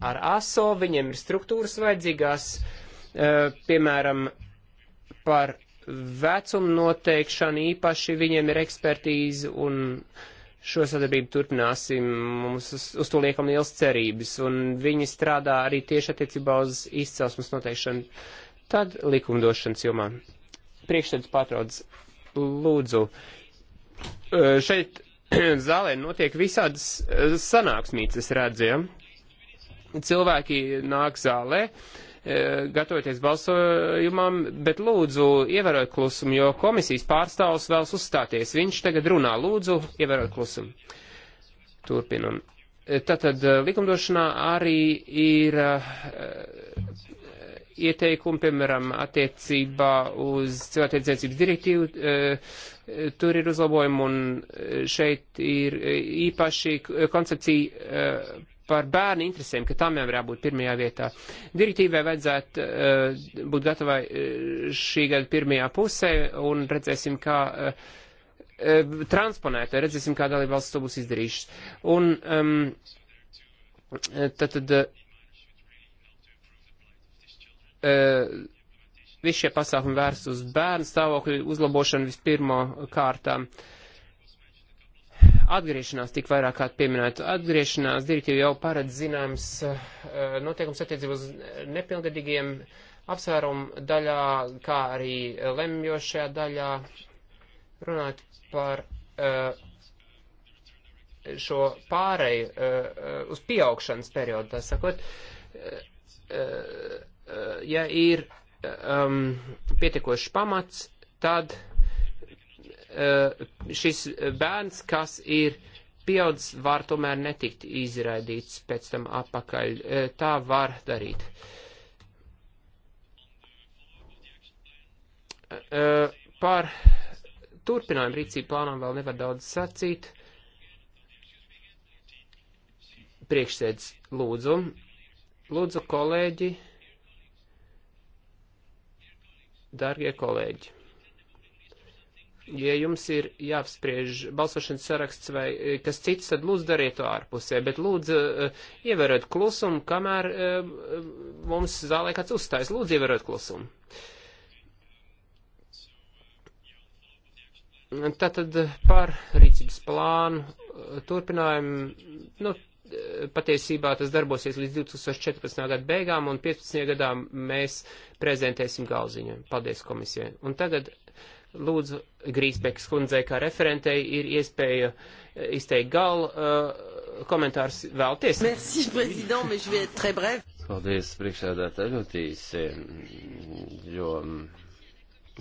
ar ASO, viņiem ir struktūras vajadzīgās, e, piemēram, par vecumu noteikšanu īpaši viņiem ir ekspertīze un šo sadarbību turpināsim, mums uz, uz to liekam liels cerības, un viņi strādā arī tieši attiecībā uz izcelsmes noteikšanu, tad likumdošanas jomā. Priekšsēdus pārtrauc, lūdzu. E, šeit zālē notiek visādas e, sanāksmītes, redzējām. Ja? Cilvēki nāk zālē, e, gatavoties balsojumam, bet lūdzu ievērot klusumu, jo komisijas pārstāvs vēlas uzstāties. Viņš tagad runā, lūdzu ievērot klusumu. Turpinam. E, tātad e, likumdošanā arī ir ieteikumi, piemēram, attiecībā uz cilvēktiedzniecības direktīvu, tur ir uzlabojumi un šeit ir īpaši koncepcija par bērnu interesēm, ka tam jau ir jābūt pirmajā vietā. Direktīvai vajadzētu uh, būt gatavai uh, šī gada pirmajā pusē un redzēsim, kā uh, uh, transponēt, redzēsim, kā dalībvalsts to būs izdarījušas. Un um, tad, tad uh, uh, visi šie pasākumi vērst uz bērnu stāvokļu uzlabošanu vispirmo kārtām. Uh, Atgriešanās tik vairāk kā pieminētu. Atgriešanās direktīva jau paredz zināms eh, noteikums attiecībā uz nepilngadīgiem apsvērumu daļā, kā arī lemjošajā daļā runāt par eh, šo pāreju eh, uz pieaugšanas periodu, tā sakot, ja ir um, pietiekošs pamats, tad uh, Eh, šis bērns, kas ir pieaudzis, var tomēr netikt izraidīts pēc tam atpakaļ. Eh, tā var darīt. Eh, par turpinājumu rīcību plānām vēl nevar daudz sacīt. Priekšsēdz lūdzu. Lūdzu, kolēģi, dārgie kolēģi ja jums ir jāapspriež balsošanas saraksts vai eh, kas cits, tad lūdzu dariet to ārpusē, bet lūdzu eh, ievērot klusumu, kamēr eh, mums zālē kāds uzstājas. Lūdzu ievērot klusumu. Tātad par rīcības plānu turpinājumu, nu, patiesībā tas darbosies līdz 2014. gada beigām, un 15. gadā mēs prezentēsim galziņu. Paldies komisijai. Un tagad Lūdzu, Grīsbekas kundzei kā referentei ir iespēja eh, izteikt galu uh, komentārus vēlties. Merci, prezident, mais je vais être très bref. Paldies, priekšsēdētāji, ļoti īsi, jo mm,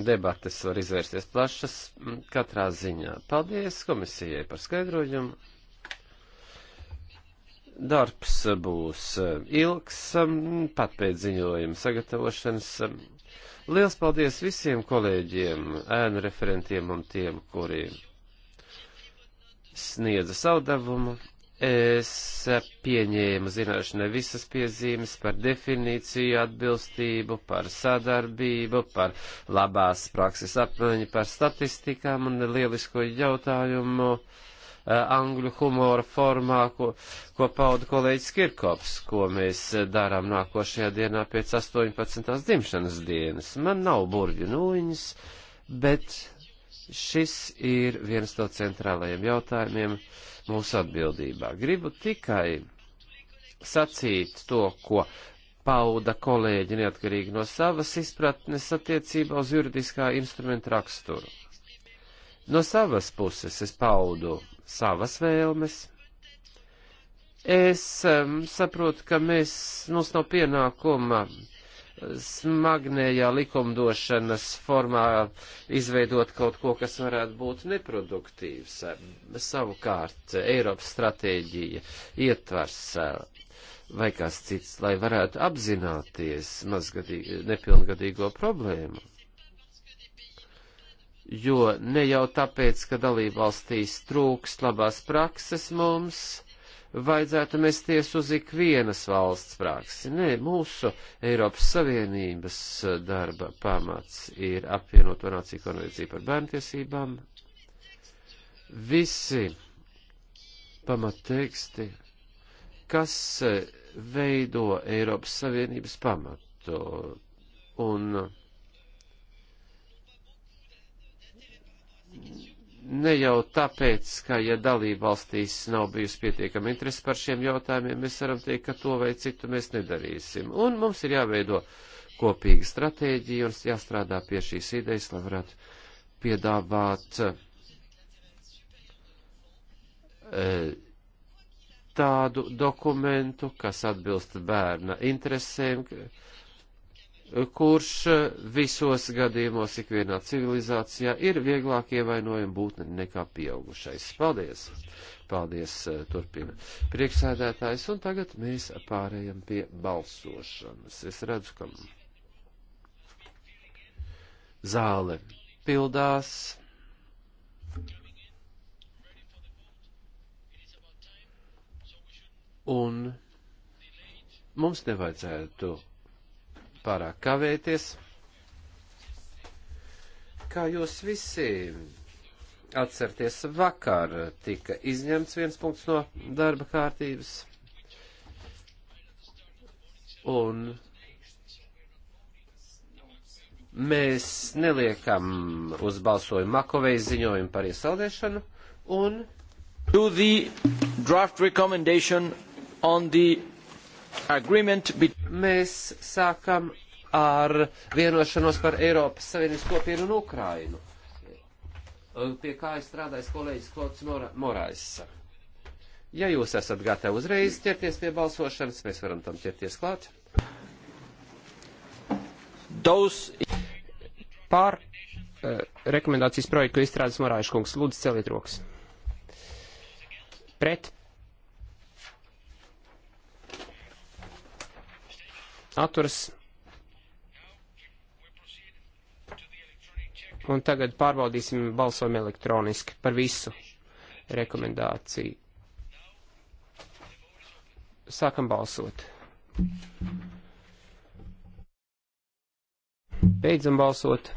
debates var izvērsties plašas mm, katrā ziņā. Paldies komisijai par skaidrojumu. Darbs būs eh, ilgs, mm, pat pēc ziņojuma sagatavošanas Liels paldies visiem kolēģiem, ēnu referentiem un tiem, kuri sniedza savu devumu. Es pieņēmu zināšanai visas piezīmes par definīciju atbilstību, par sadarbību, par labās prakses apmaiņu, par statistikām un lielisko jautājumu. Uh, Eh, angļu humora formā, ko, ko pauda kolēģis Kirkops, ko mēs eh, darām nākošajā dienā pēc 18. dzimšanas dienas. Man nav burģu nūjiņas, bet šis ir viens no centrālajiem jautājumiem mūsu atbildībā. Gribu tikai sacīt to, ko pauda kolēģi neatkarīgi no savas izpratnes attiecībā uz juridiskā instrumenta raksturu. No savas puses es paudu savas vēlmes. Es um, saprotu, ka mēs, mums nav pienākuma smagnējā likumdošanas formā izveidot kaut ko, kas varētu būt neproduktīvs. Savukārt Eiropas stratēģija ietvars eh, vai kāds cits, lai varētu apzināties mazgadīgo, nepilngadīgo problēmu jo ne jau tāpēc, ka dalībvalstīs trūkst labās prakses mums, vajadzētu mesties uz ikvienas valsts praksi. Nē, mūsu Eiropas Savienības eh, darba pamats ir apvienoto nāciju konvenciju par bērntiesībām. Visi pamatteksti, kas eh, veido Eiropas Savienības pamatu. Un ne jau tāpēc, ka ja dalībvalstīs nav bijusi pietiekama interese par šiem jautājumiem, mēs varam teikt, ka to vai citu mēs nedarīsim. Un mums ir jāveido kopīga stratēģija un jāstrādā pie šīs idejas, lai varētu piedāvāt e, tādu dokumentu, kas atbilst bērna interesēm, kurš eh, visos gadījumos ikvienā civilizācijā ir vieglāk ievainojama būtne nekā pieaugušais. Paldies! Paldies, eh, turpina priekšsēdētājs, un tagad mēs pārējam pie balsošanas. Es redzu, ka zāle pildās. Un mums nevajadzētu pārāk kavēties. Kā jūs visi atcerties, vakar tika izņemts viens punkts no darba kārtības. Un mēs neliekam uz balsojumu Makoveja ziņojumu par iesaldēšanu un. To the draft recommendation on the Mēs sākam ar vienošanos par Eiropas Savienības kopienu un Ukrainu, pie kā ir strādājis kolēģis Klots Morais. Ja jūs esat gatavi uzreiz ķerties pie balsošanas, mēs varam tam ķerties klāt. Those... Pār uh, rekomendācijas projektu izstrādes Morājuškungs. Lūdzu, celiet rokas. Pret. atturas. Un tagad pārbaudīsim balsojumu elektroniski par visu rekomendāciju. Sākam balsot. Beidzam balsot.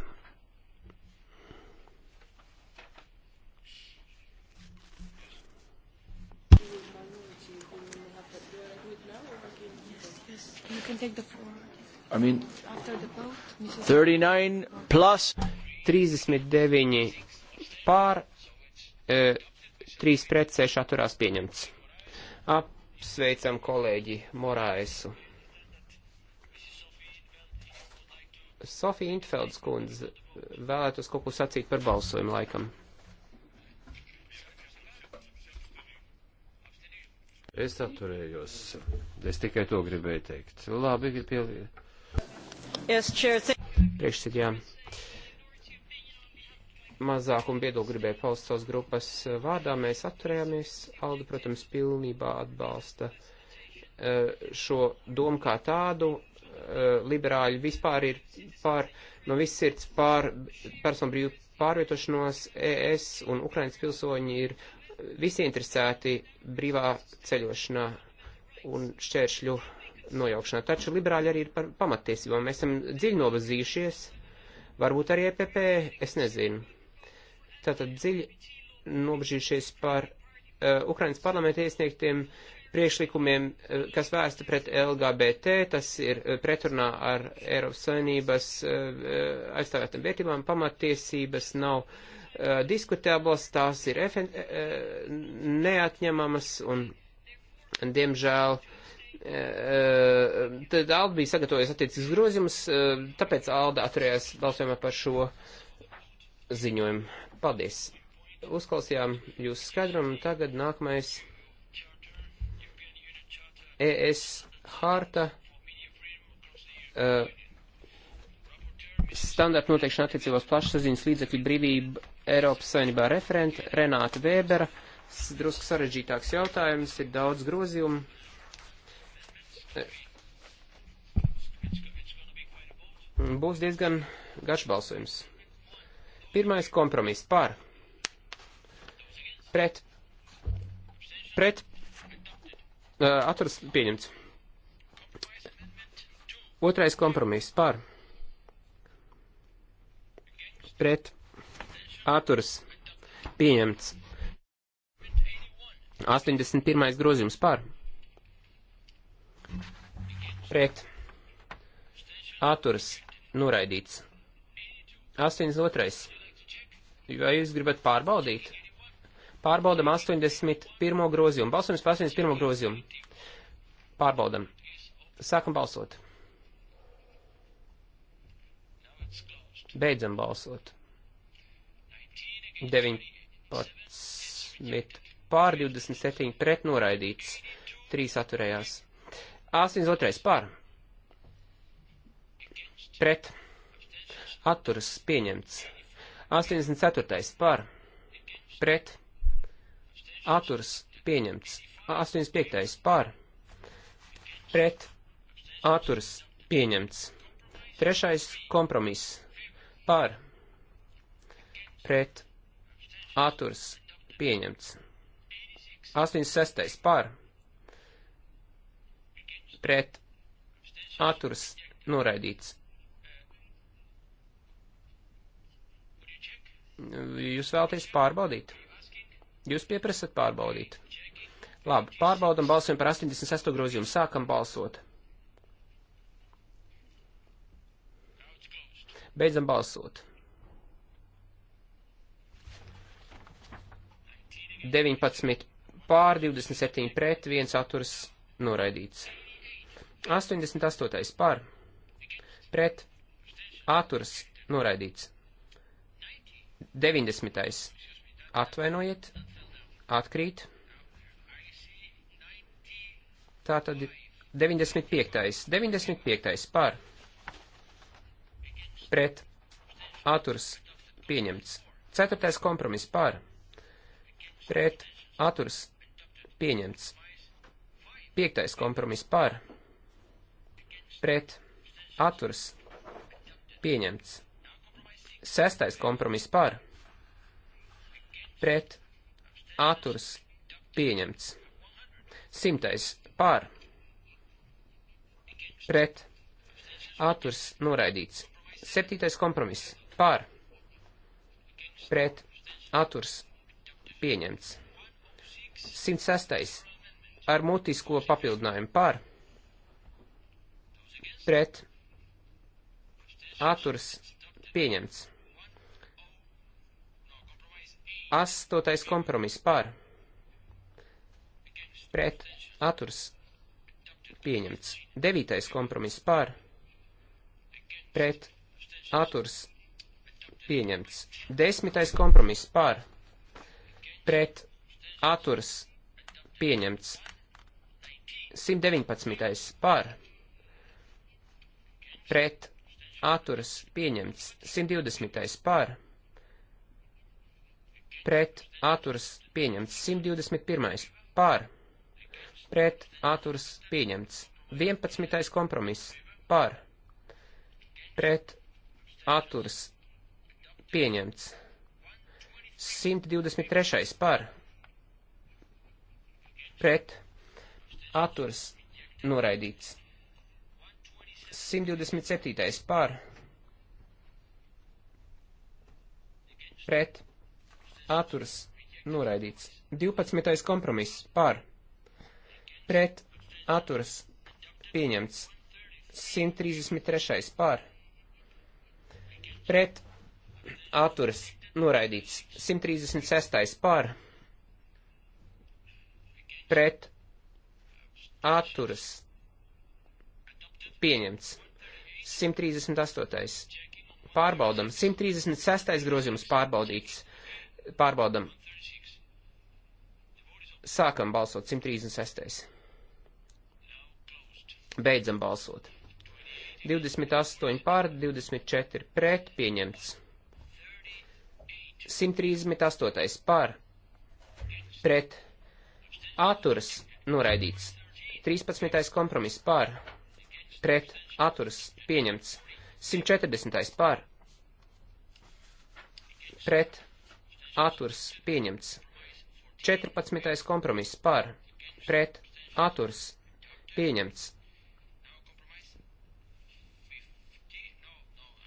take the floor. I mean, after the vote, Mrs. 39 plus 39 pār, e, 3 pret 6 atturās pieņemts. Apsveicam kolēģi Morāesu. Sofija Intfelds kundze vēlētos kaut ko sacīt par balsojumu laikam. Es atturējos. Es tikai to gribēju teikt. Labi, pielīdzi. Yes, Priekšsid, jā. Mazākumu viedokli gribēja paust savas grupas vārdā. Mēs atturējāmies. Alda, protams, pilnībā atbalsta eh, šo domu kā tādu. Eh, liberāļi vispār ir pār, no viss sirds pār personu brīvu pārvietošanos. ES un Ukrainas pilsoņi ir visi interesēti brīvā ceļošanā un šķēršļu nojaukšanā. Taču liberāļi arī ir par pamatiesībām. Mēs esam dziļi novazījušies, varbūt arī EPP, es nezinu. Tātad dziļi nobežījušies par uh, Ukrainas parlamenta iesniegtiem priekšlikumiem, uh, kas vēsta pret LGBT, tas ir uh, pretrunā ar Eiropas Savienības uh, aizstāvētām vērtībām, pamattiesības nav uh, Eh, diskutēblas, tās ir efen, eh, neatņemamas un, diemžēl, eh, tad Alda bija sagatavojusi attiecīgas grozījumus, tāpēc Alda atturējās balsojumā par šo ziņojumu. Paldies! Uzklausījām jūsu skaidrumu, tagad nākamais ES harta. Uh, standartu noteikšana attiecībos plašsaziņas līdzekļu brīvību Eiropas Savienībā referenta Renāta Vēbera. Drusku sarežģītāks jautājums, ir daudz grozījumu. Būs diezgan garš balsojums. Pirmais kompromiss par. Pret. Pret. Atturas pieņemts. Otrais kompromiss par pret atturas pieņemts. 81. grozījums par pret atturas noraidīts. 82. Vai jūs gribat pārbaudīt? Pārbaudam 81. grozījumu. Balsojums par 81. grozījumu. Pārbaudam. Sākam balsot. Beidzam balsot. 19 pār 27 pret noraidīts. 3 atturējās. Āsins otrais pār. Pret. Atturas pieņemts. 84. pār. Pret. Atturas pieņemts. 85. pār. Pret. Atturas pieņemts. Trešais kompromiss par pret atturs pieņemts. 86. par pret atturs noraidīts. Jūs vēlaties pārbaudīt? Jūs pieprasat pārbaudīt. Labi, pārbaudam balsiem par 86. grozījumu. Sākam balsot. Beidzam balsot. 19 pār 27 pret, 1 atturas noraidīts. 88 pār pret, atturas noraidīts. 90. atvainojiet, atkrīt. Tātad 95. 95. pār pret, atturs, pieņemts. Ceturtais kompromiss par, pret, atturs, pieņemts. Piektais kompromiss par, pret, atturs, pieņemts. Sestais kompromiss par, pret, atturs, pieņemts. Simtais par, pret, atturs, noraidīts. Septītais kompromiss. Pār. Pret. Aturs. Pieņemts. 106. Ar mutisko papildinājumu. Pār. Pret. Aturs. Pieņemts. Astotais kompromiss. Pār. Pret. Aturs. Pieņemts. Devītais kompromiss. Pār pret atturs pieņemts. Desmitais kompromiss par pret atturs pieņemts. 119. par pret atturas pieņemts. 120. par pret atturas pieņemts. 121. par pret atturas pieņemts. 11. kompromiss par pret atturas pieņemts. 123. par pret atturas noraidīts. 127. par pret atturas noraidīts. 12. kompromiss par pret atturas pieņemts. 133. par pret atturas noraidīts 136. par pret atturas pieņemts 138. pārbaudam 136. grozījums pārbaudīts pārbaudam sākam balsot 136. beidzam balsot 28 pār, 24 pret pieņemts. 138 pār, pret atturas noraidīts. 13. kompromiss pār, pret atturas pieņemts. 140. pār, pret atturas pieņemts. 14. kompromiss par, pret, aturs, pieņemts.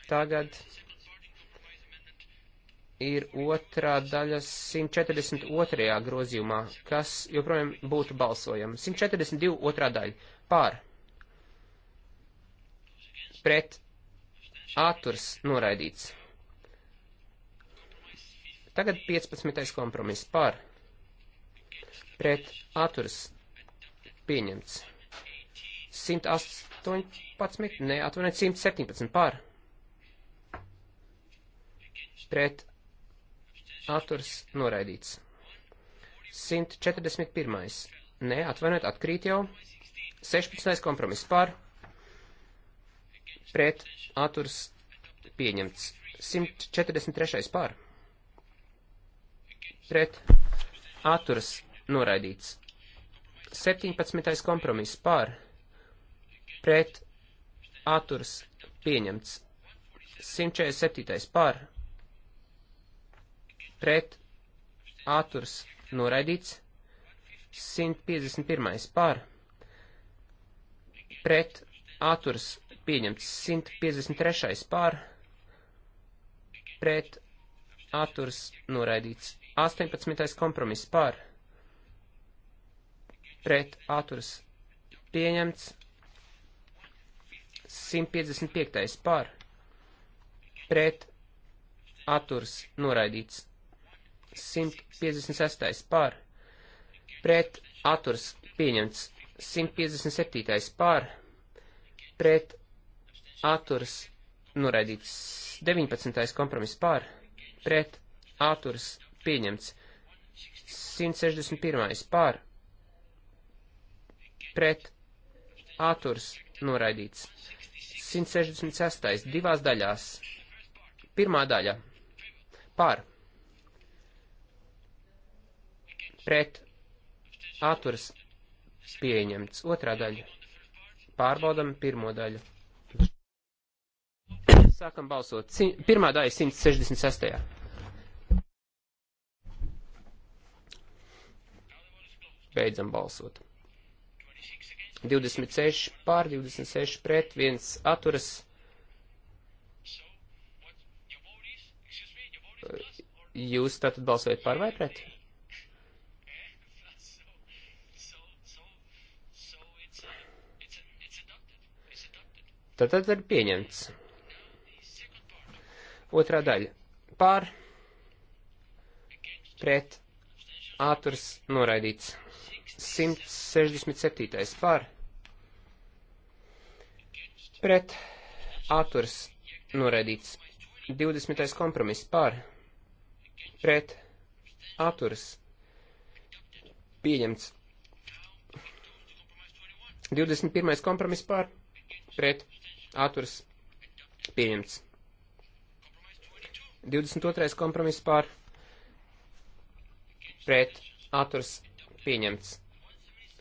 Tagad ir otrā daļa 142. grozījumā, kas joprojām būtu balsojama. 142. otrā daļa. Pār. Pret. Āturs noraidīts. Tagad 15. kompromiss. Pār. Pret. Āturs pieņemts. 118. Ne, atvainojiet, 117. Pār pret atturs noraidīts. 141. Nē, atvainojiet, atkrīt jau. 16. kompromiss par, pret atturs pieņemts. 143. par, pret atturs noraidīts. 17. kompromiss par, pret atturs pieņemts. 147. par, pret atturs noraidīts, 151. par pret atturs pieņemts, 153. par pret atturs noraidīts, 18. kompromiss par pret atturs pieņemts, 155. par pret atturs noraidīts, 156. par pret atturs pieņemts. 157. par pret atturs noraidīts. 19. kompromiss par pret atturs pieņemts. 161. par pret atturs noraidīts. 166. divās daļās. Pirmā daļa par pret atturas pieņemts. Otrā daļa. Pārbaudam pirmo daļu. Sākam balsot. C pirmā daļa 166. Beidzam balsot. 26 pār 26 pret 1 atturas. Jūs tātad balsojat par vai pret? Tad, tad ir pieņemts. Otrā daļa. Pār, pret, āturs noraidīts. 167. pār, pret, āturs noraidīts. 20. kompromiss pār, pret, āturs pieņemts. 21. kompromiss pār, pret, atturas pieņemts. 22. kompromiss pār pret atturas pieņemts.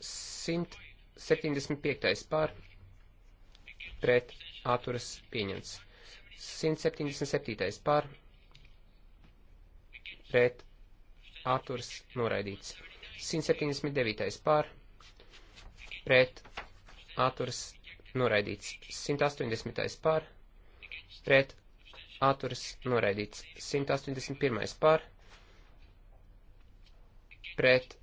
175. pār pret atturas pieņemts. 177. pār pret atturas noraidīts. 179. pār pret atturas noraidīts. 180. pār, pret, atturas, noraidīts. 181. pār, pret,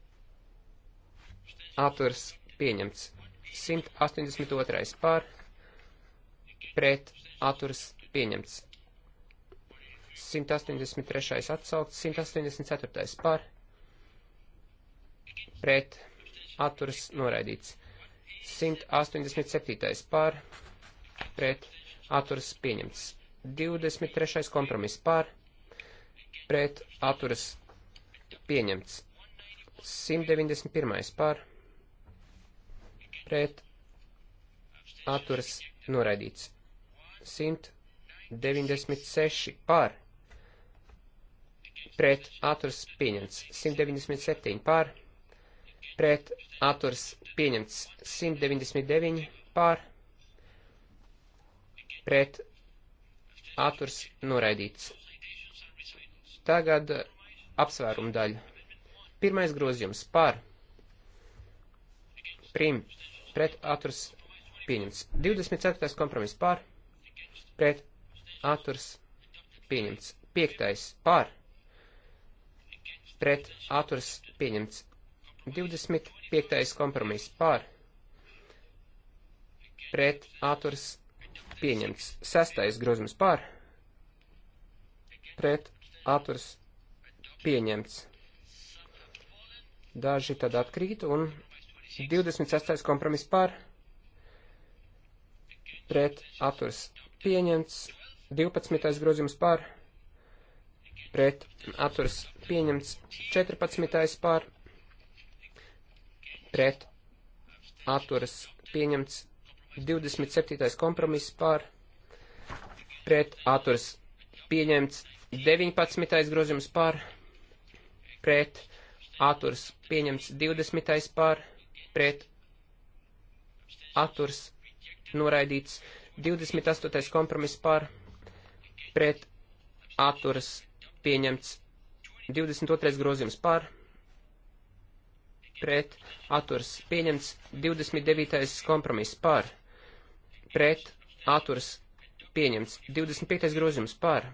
atturas, pieņemts. 182. pār, pret, atturas, pieņemts. 183. atsaukt, 184. par, pret, atturas noraidīts. 187. pār pret atturas pieņemts. 23. kompromiss pār pret atturas pieņemts. 191. pār pret atturas noraidīts. 196 pār pret atturas pieņemts. 197 pār pret atturs pieņemts 199 pār, pret atturs noraidīts. Tagad apsvērumu daļa. Pirmais grozījums pār, prim, pret atturs pieņemts. 24. kompromiss pār, pret atturs pieņemts. 5. pār, pret atturs pieņemts. 25. kompromiss par pret atturs pieņemts. 6. grozījums par pret atturs pieņemts. Daži tad atkrīt un 26. kompromiss par pret atturs pieņemts. 12. grozījums par pret atturs pieņemts. 14. par pret pret atturas pieņemts 27. kompromiss par pret atturas pieņemts 19. grozījums par pret atturas pieņemts 20. par pret atturas noraidīts 28. kompromiss par pret atturas pieņemts 22. grozījums par pret pret atturas pieņemts 29. kompromiss par pret atturas pieņemts 25. grozījums par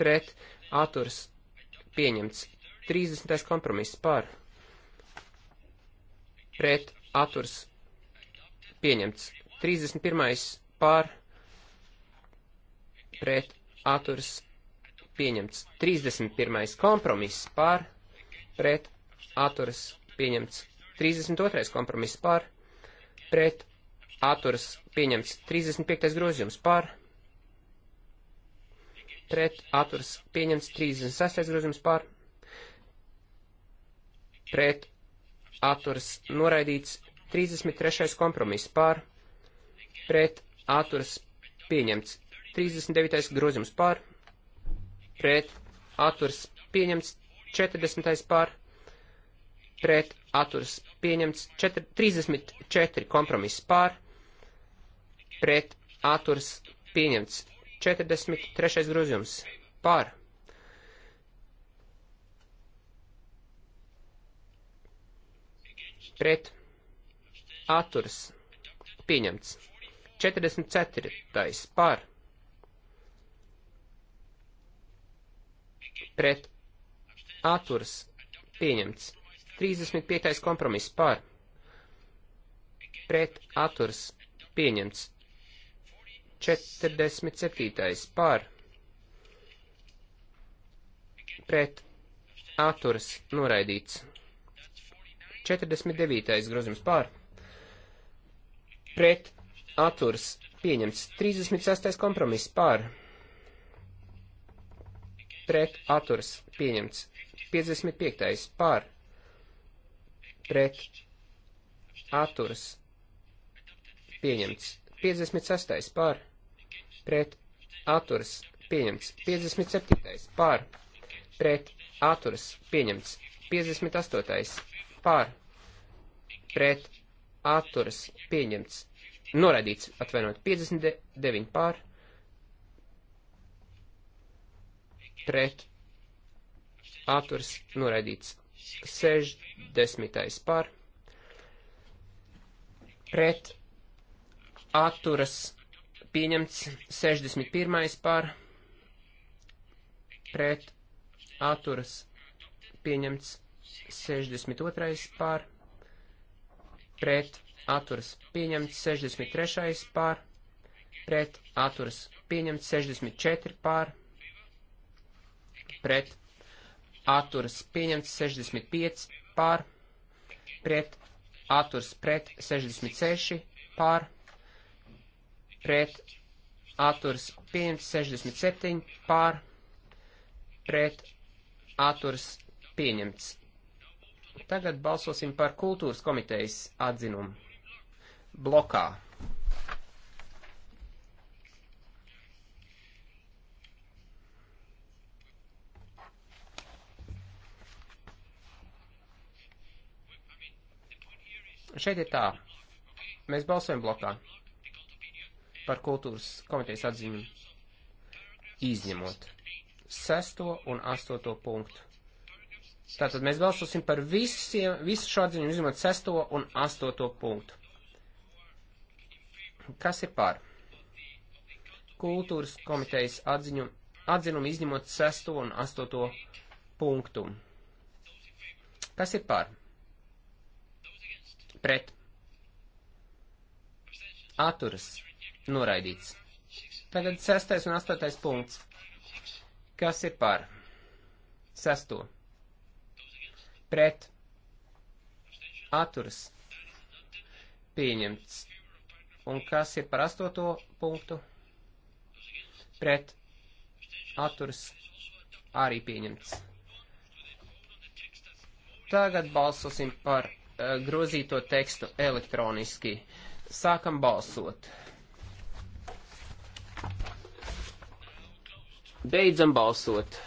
pret atturas pieņemts 30. kompromiss par pret atturas pieņemts 31. par pret atturas pieņemts 31. kompromiss par pret atturas pieņemts pieņemts 32. kompromiss pār, pret atturas pieņemts 35. grozījums pār, pret atturas pieņemts 36. grozījums pār, pret atturas noraidīts 33. kompromiss pār, pret atturas pieņemts 39. grozījums pār, pret atturas pieņemts 40. pār pret atturas pieņemts 4, 34 kompromiss pār, pret atturas pieņemts 43 grozījums pār. Pret atturas pieņemts 44 tais pār. Pret atturas pieņemts 35. kompromiss par pret atturs pieņemts. 47. par pret atturs noraidīts. 49. grozījums par pret atturs pieņemts. 36. kompromiss par pret atturs pieņemts. 55. par pret atturas pieņemts. 56. par pret atturas pieņemts. 57. par pret atturas pieņemts. 58. par pret atturas pieņemts. Noraidīts, atvainot, 59 par pret atturas noraidīts. 60. par pret atturas pieņemts 61. par pret atturas pieņemts 62. par pret atturas pieņemts 63. par pret atturas pieņemts 64. par pret atturas pieņemts 65 pār, pret atturas pret 66 pār, pret atturas pieņemts 67 pār, pret atturas pieņemts. Tagad balsosim par kultūras komitejas atzinumu blokā. šeit ir tā. Mēs balsojam blokā par kultūras komitejas atziņu izņemot sesto un astoto punktu. Tātad mēs balsosim par visiem, visu šo atziņu izņemot sesto un astoto punktu. Kas ir par? Kultūras komitejas atziņu, atzinumu izņemot sesto un astoto punktu. Kas ir par? pret atturas noraidīts. Tagad sestais un astotais punkts. Kas ir par? Sesto. Pret. Atturas. Pieņemts. Un kas ir par astoto punktu? Pret. Atturas. Arī pieņemts. Tagad balsosim par Eh, grozīto tekstu elektroniski. Sākam balsot. Beidzam balsot.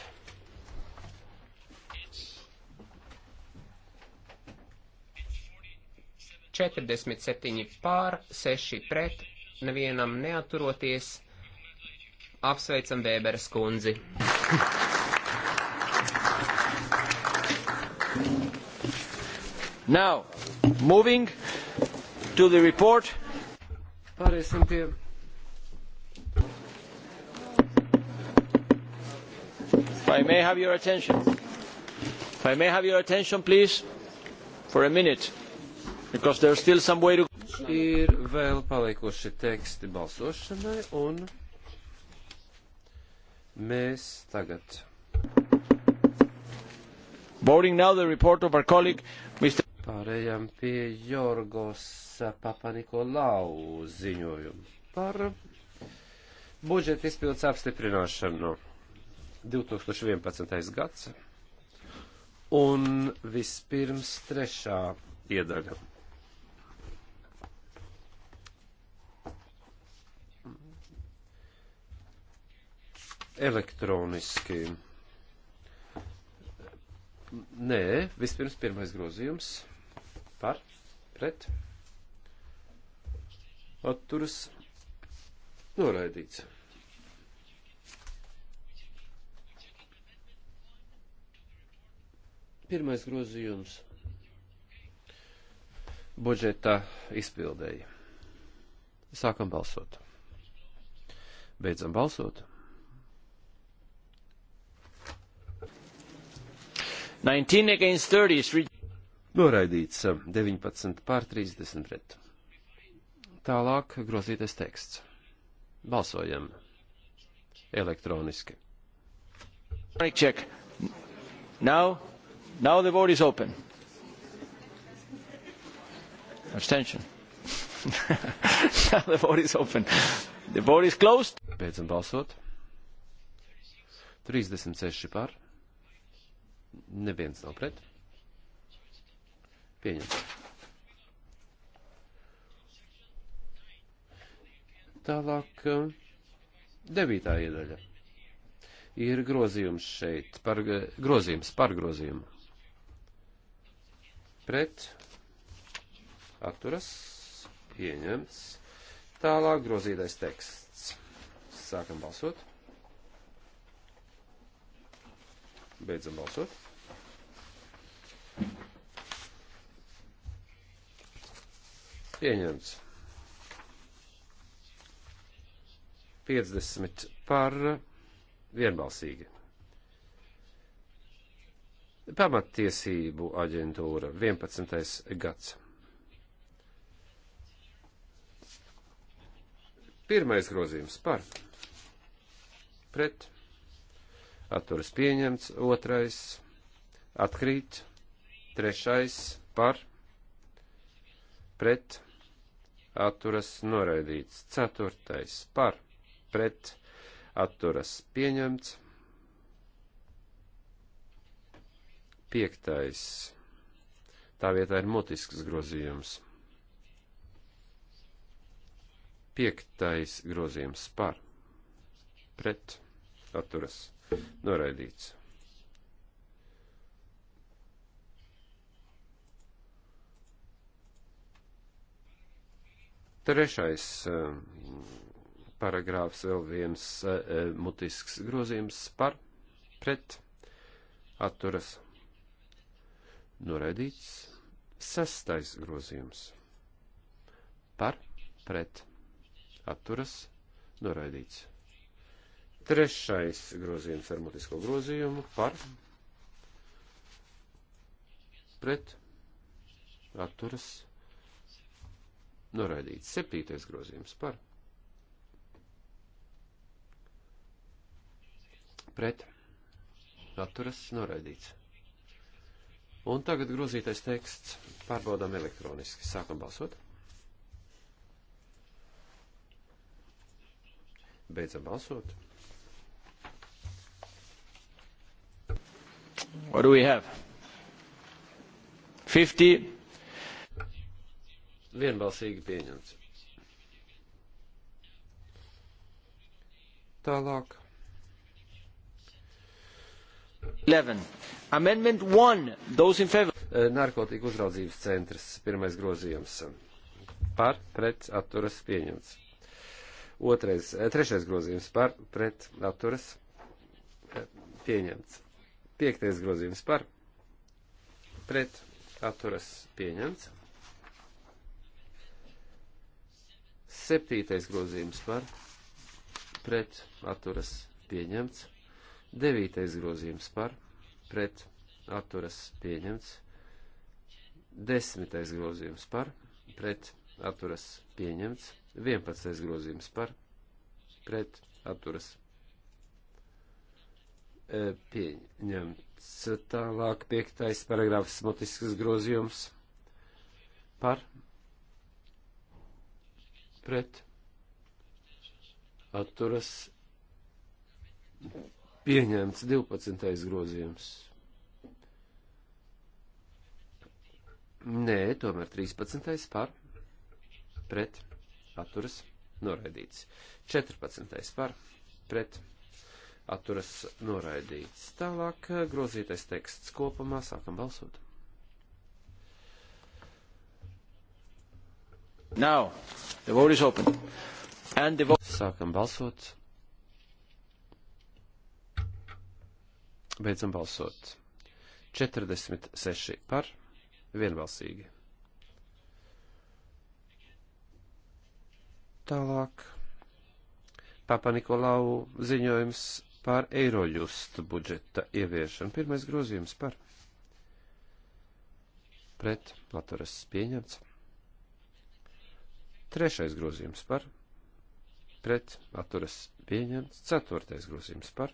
Četrdesmit septiņi pār, seši pret, nevienam neaturoties. Apsveicam Vēberas kundzi. Now, moving to the report. Pāriesim pie. If I may have your attention. If I may have your attention, please, for a minute, because there's still some way to. Ir vēl palikuši teksti balsošanai, un mēs tagad. Voting now the report of our colleague Pārējām pie Jorgos Papanikolau ziņojumu par budžeta izpildes apstiprināšanu 2011. gads. Un vispirms trešā iedaļa. Elektroniski. Nē, vispirms pirmais grozījums par pret atturas noraidīts. Pirmais grozījums budžeta izpildēja. Sākam balsot. Beidzam balsot. 19 against 30 is rejected. Noraidīts 19 pār 30 pret. Tālāk grozītais teksts. Balsojam elektroniski. Check. Now, now the vote is open. Abstention. now the vote is open. The vote is closed. Beidzam balsot. 36 par. Neviens nav pret. Pieņemts. Tālāk, uh, devītā iedaļa. Ir grozījums šeit, par, uh, grozījums par grozījumu. Pret, atturas, pieņemts. Tālāk grozītais teksts. Sākam balsot. Beidzam balsot. Pieņemts. 50 par vienbalsīgi. Pamattiesību aģentūra 11. gads. Pirmais grozījums par pret atturas pieņemts, otrais atkrīt, trešais par pret atturas noraidīts. Ceturtais par pret atturas pieņemts. Piektais. Tā vietā ir mutisks grozījums. Piektais grozījums par pret atturas noraidīts. Trešais eh, paragrāfs vēl viens eh, eh, mutisks grozījums par pret atturas noraidīts. Sestais grozījums par pret atturas noraidīts. Trešais grozījums ar mutisko grozījumu par pret atturas noraidīts Noraidīts. Septītais grozījums par. Pret. Atturas. Noraidīts. Un tagad grozītais teksts. Pārbaudām elektroniski. Sākam balsot. Beidzam balsot. What do we have? 50 vienbalsīgi pieņemts. Tālāk. 11. Amendment 1. Those in favor. Eh, Narkotika uzraudzības centrs. Pirmais grozījums. Par pret atturas pieņemts. Otrais, eh, trešais grozījums par pret atturas eh, pieņemts. Piektais grozījums par pret atturas pieņemts. Septītais grozījums par pret atturas pieņemts. Devītais grozījums par pret atturas pieņemts. Desmitais grozījums par pret atturas pieņemts. Vienpadsmitais grozījums par pret atturas e, pieņemts. Tālāk piektais paragrāfs motisks grozījums par pret atturas pieņemts 12. grozījums. Nē, tomēr 13. par pret atturas noraidīts. 14. par pret atturas noraidīts. Tālāk eh, grozītais teksts kopumā sākam balsot. Now, the vote is open. And the vote... Sākam balsot. Beidzam balsot. 46 par, vienbalsīgi. Tālāk. Papa Nikolau ziņojums par eirojustu budžeta ieviešanu. Pirmais grozījums par. Pret. Laturas pieņemts. Trešais grozījums par, pret, atturas pieņemts. Ceturtais grozījums par,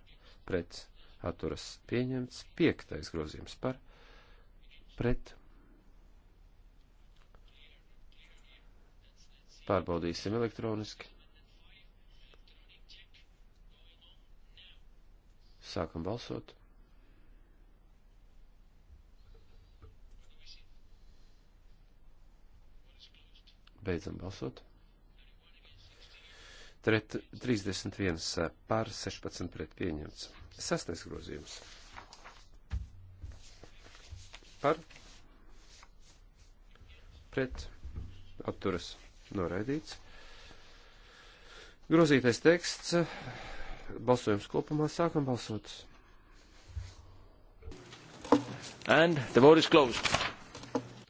pret, atturas pieņemts. Piektais grozījums par, pret. Pārbaudīsim elektroniski. Sākam balsot. Beidzam balsot. Tret, 31 pār 16 pret pieņemts. Sastais grozījums. Par pret atturas noraidīts. Grozītais teksts. Eh, balsojums kopumā sākam balsot. And the vote is closed.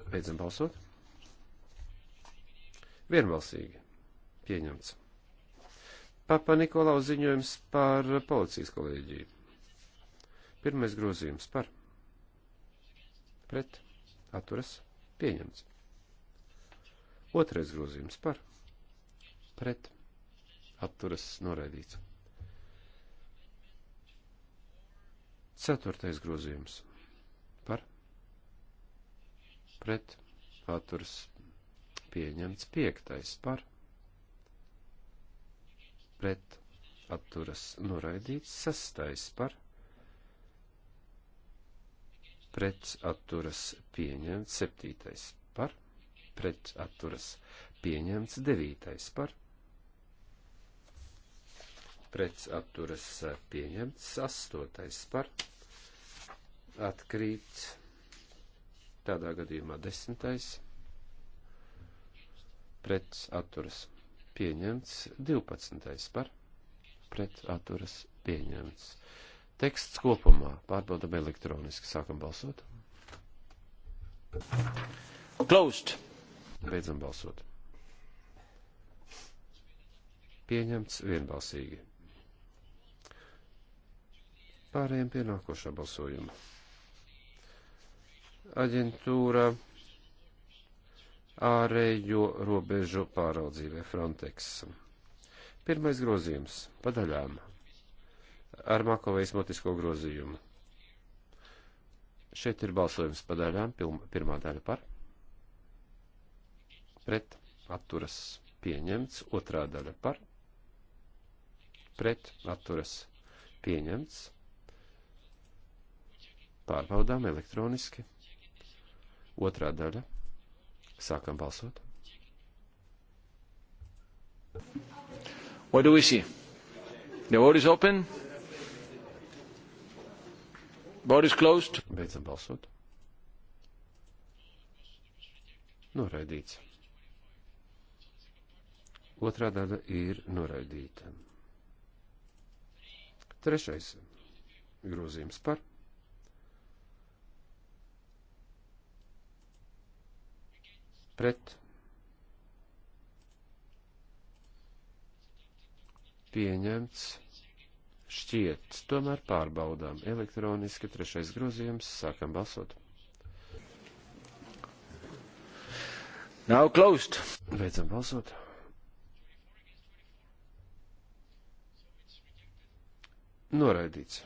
Beidzam balsot. Vienbalsīgi. Pieņemts. Papa Nikolau ziņojums par policijas kolēģiju. Pirmais grozījums par. Pret. Atturas. Pieņemts. Otrais grozījums par. Pret. Atturas. Noraidīts. Ceturtais grozījums par pret atturas pieņemts piektais par pret atturas noraidīts sastais par pret atturas pieņemts septītais par pret atturas pieņemts devītais par pret atturas pieņemts astotais par atkrīt tādā gadījumā desmitais par pret atturas pieņemts, 12. par pret atturas pieņemts. Teksts kopumā pārbaudam elektroniski, sākam balsot. Closed. Beidzam balsot. Pieņemts vienbalsīgi. Pārējiem pie nākošā balsojuma. Aģentūra ārējo robežu pāraudzībai Frontex. Pirmais grozījums - padaļām ar Makovejas motisko grozījumu. Šeit ir balsojums padaļām, pirmā daļa par, pret, atturas, pieņemts, otrā daļa par, pret, atturas, pieņemts, pārbaudām elektroniski, otrā daļa Sākam balsot. What do we see? The vote is open. Vote is closed. Beidzam balsot. Noraidīts. Otrā daļa ir noraidīta. Trešais grozījums par pret pieņemts šķiet, tomēr pārbaudām elektroniski trešais grozījums, sākam balsot. Nav closed. Beidzam balsot. Noraidīts.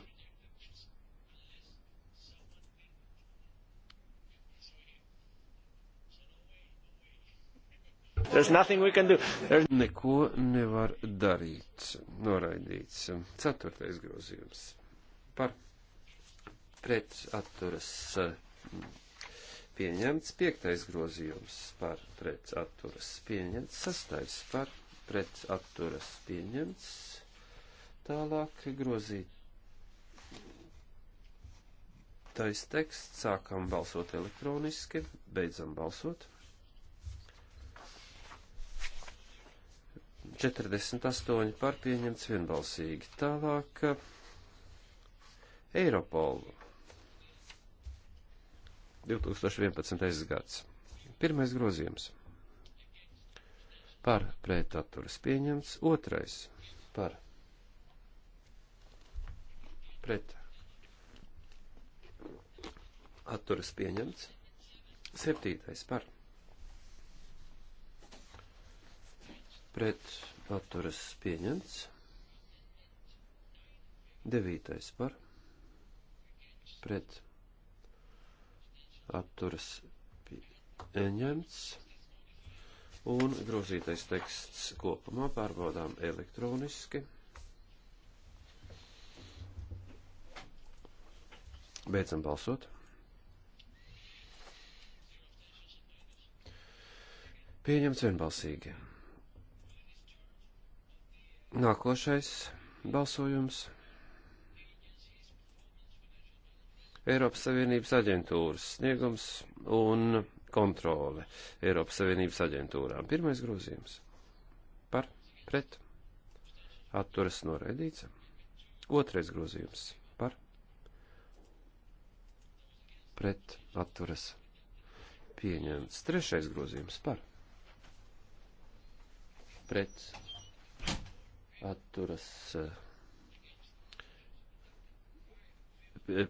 There's nothing we can do. There's... Neko nevar darīt. Noraidīts. Ceturtais grozījums. Par pret atturas pieņemts. Piektais grozījums par pret atturas pieņemts. Sastais par pret atturas pieņemts. Tālāk grozīt Tais teksts sākam balsot elektroniski, beidzam balsot. 48 par pieņemts vienbalsīgi. Tālāk eh, Eiropolu. 2011. gads. Pirmais grozījums. Par pretaturas pieņemts. Otrais. Par. Pret. Atturas pieņemts. Septītais. Par. pret atturas pieņemts. Devītais par pret atturas pieņemts. Un grozītais teksts kopumā pārbaudām elektroniski. Beidzam balsot. Pieņemts vienbalsīgi. Nākošais balsojums. Eiropas Savienības aģentūras sniegums un kontrole Eiropas Savienības aģentūrām. Pirmais grozījums. Par, pret, atturas noraidīts. Otrais grozījums. Par, pret, atturas pieņemts. Trešais grozījums. Par, pret, atturas eh,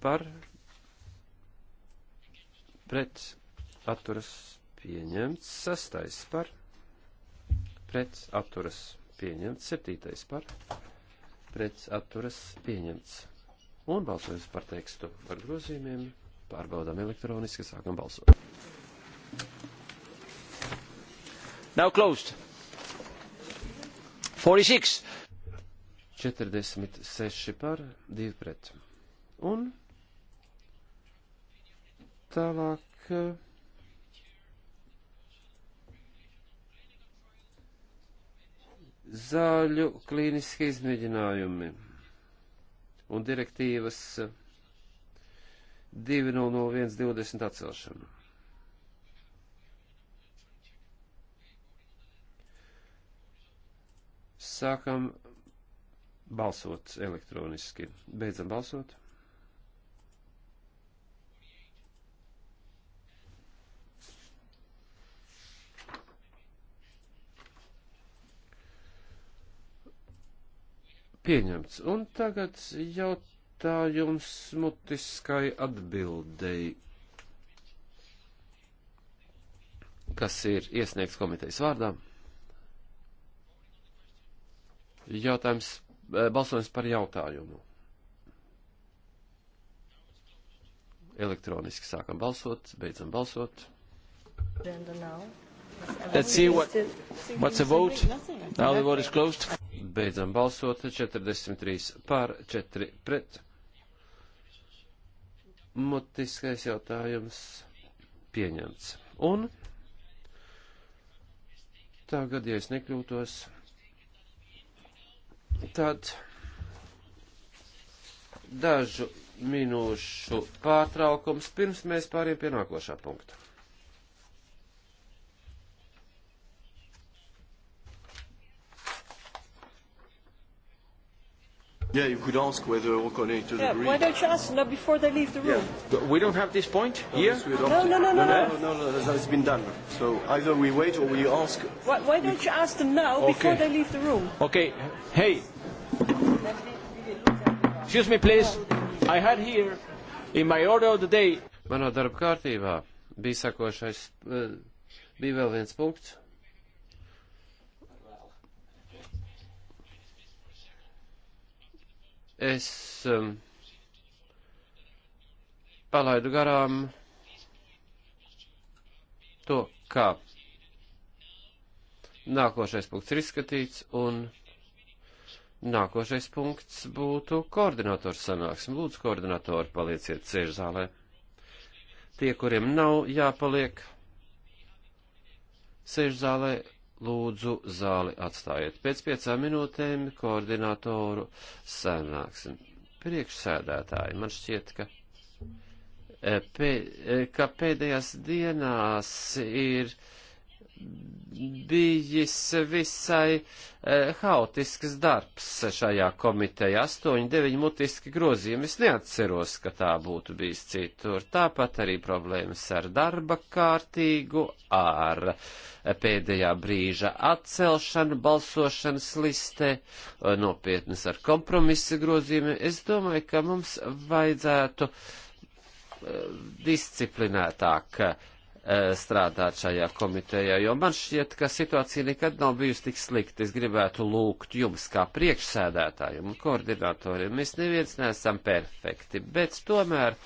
par pret atturas pieņemts sastais par pret atturas pieņemts septītais par pret atturas pieņemts un balsojums par tekstu par grozījumiem pārbaudām elektroniski sākam balsot. Now closed. 46. 46 par 2 pret. Un tālāk. Eh, zāļu klīniski izmēģinājumi un direktīvas 2001.20 eh, atcelšana. Sākam balsot elektroniski. Beidzam balsot. Pieņemts. Un tagad jautājums mutiskai atbildei. kas ir iesniegts komitejas vārdā. Jautājums, e, balsojums par jautājumu. Elektroniski sākam balsot, beidzam balsot. Let's see what, what's the vote. Now the vote is closed. Beidzam balsot 43 pār 4 pret. Mutiskais jautājums pieņemts. Un tagad, ja es nekļūtos. Tad dažu minūšu pārtraukums pirms mēs pāriem pie nākošā punkta. Yeah, you could ask whether Orkone to yeah, agree. Why don't you ask now before they leave the room? Yeah. We don't have this point no, here? Yes, we don't. No, no, no, no, no, no, no, no, no, no, it's been done. So either we wait or we ask. Why, why don't you ask them now okay. before they leave the room? Okay, hey. Excuse me, please. I had here in my order of the day. Manā darba kārtībā bija sakošais, eh, bija vēl viens punkts. Es um, palaidu garām to, kā nākošais punkts ir izskatīts, un nākošais punkts būtu koordinators sanāksme. Lūdzu, koordinatori, palieciet sēžzālē. Tie, kuriem nav jāpaliek sēžzālē, lūdzu zāli atstājiet. Pēc piecām minūtēm koordinātoru sanāksim. Priekšsēdētāji, man šķiet, ka, eh, pē, eh, ka pēdējās dienās ir bijis visai e, haotisks darbs šajā komiteja. Astoņi, deviņi mutiski grozījumi. Es neatceros, ka tā būtu bijis citur. Tāpat arī problēmas ar darba kārtīgu, ar eh, pēdējā brīža atcelšanu balsošanas listē, eh, nopietnas ar kompromisa grozījumiem. Es domāju, ka mums vajadzētu disciplinētāk Eh, strādāt šajā komitejā, jo man šķiet, ka situācija nekad nav bijusi tik slikta. Es gribētu lūgt jums, kā priekšsēdētājiem un koordinatoriem, mēs neviens neesam perfekti, bet tomēr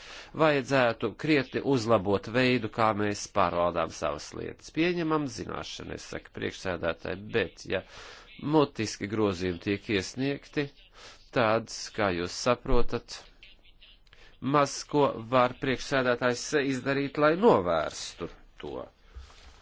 vajadzētu krietni uzlabot veidu, kā mēs pārvaldām savas lietas. Pieņemam zināšanu, es saku priekšsēdētāji, bet ja mutiski grozījumi tiek iesniegti, tāds, kā jūs saprotat, maz ko var priekšsēdētājs izdarīt, lai novērstu to.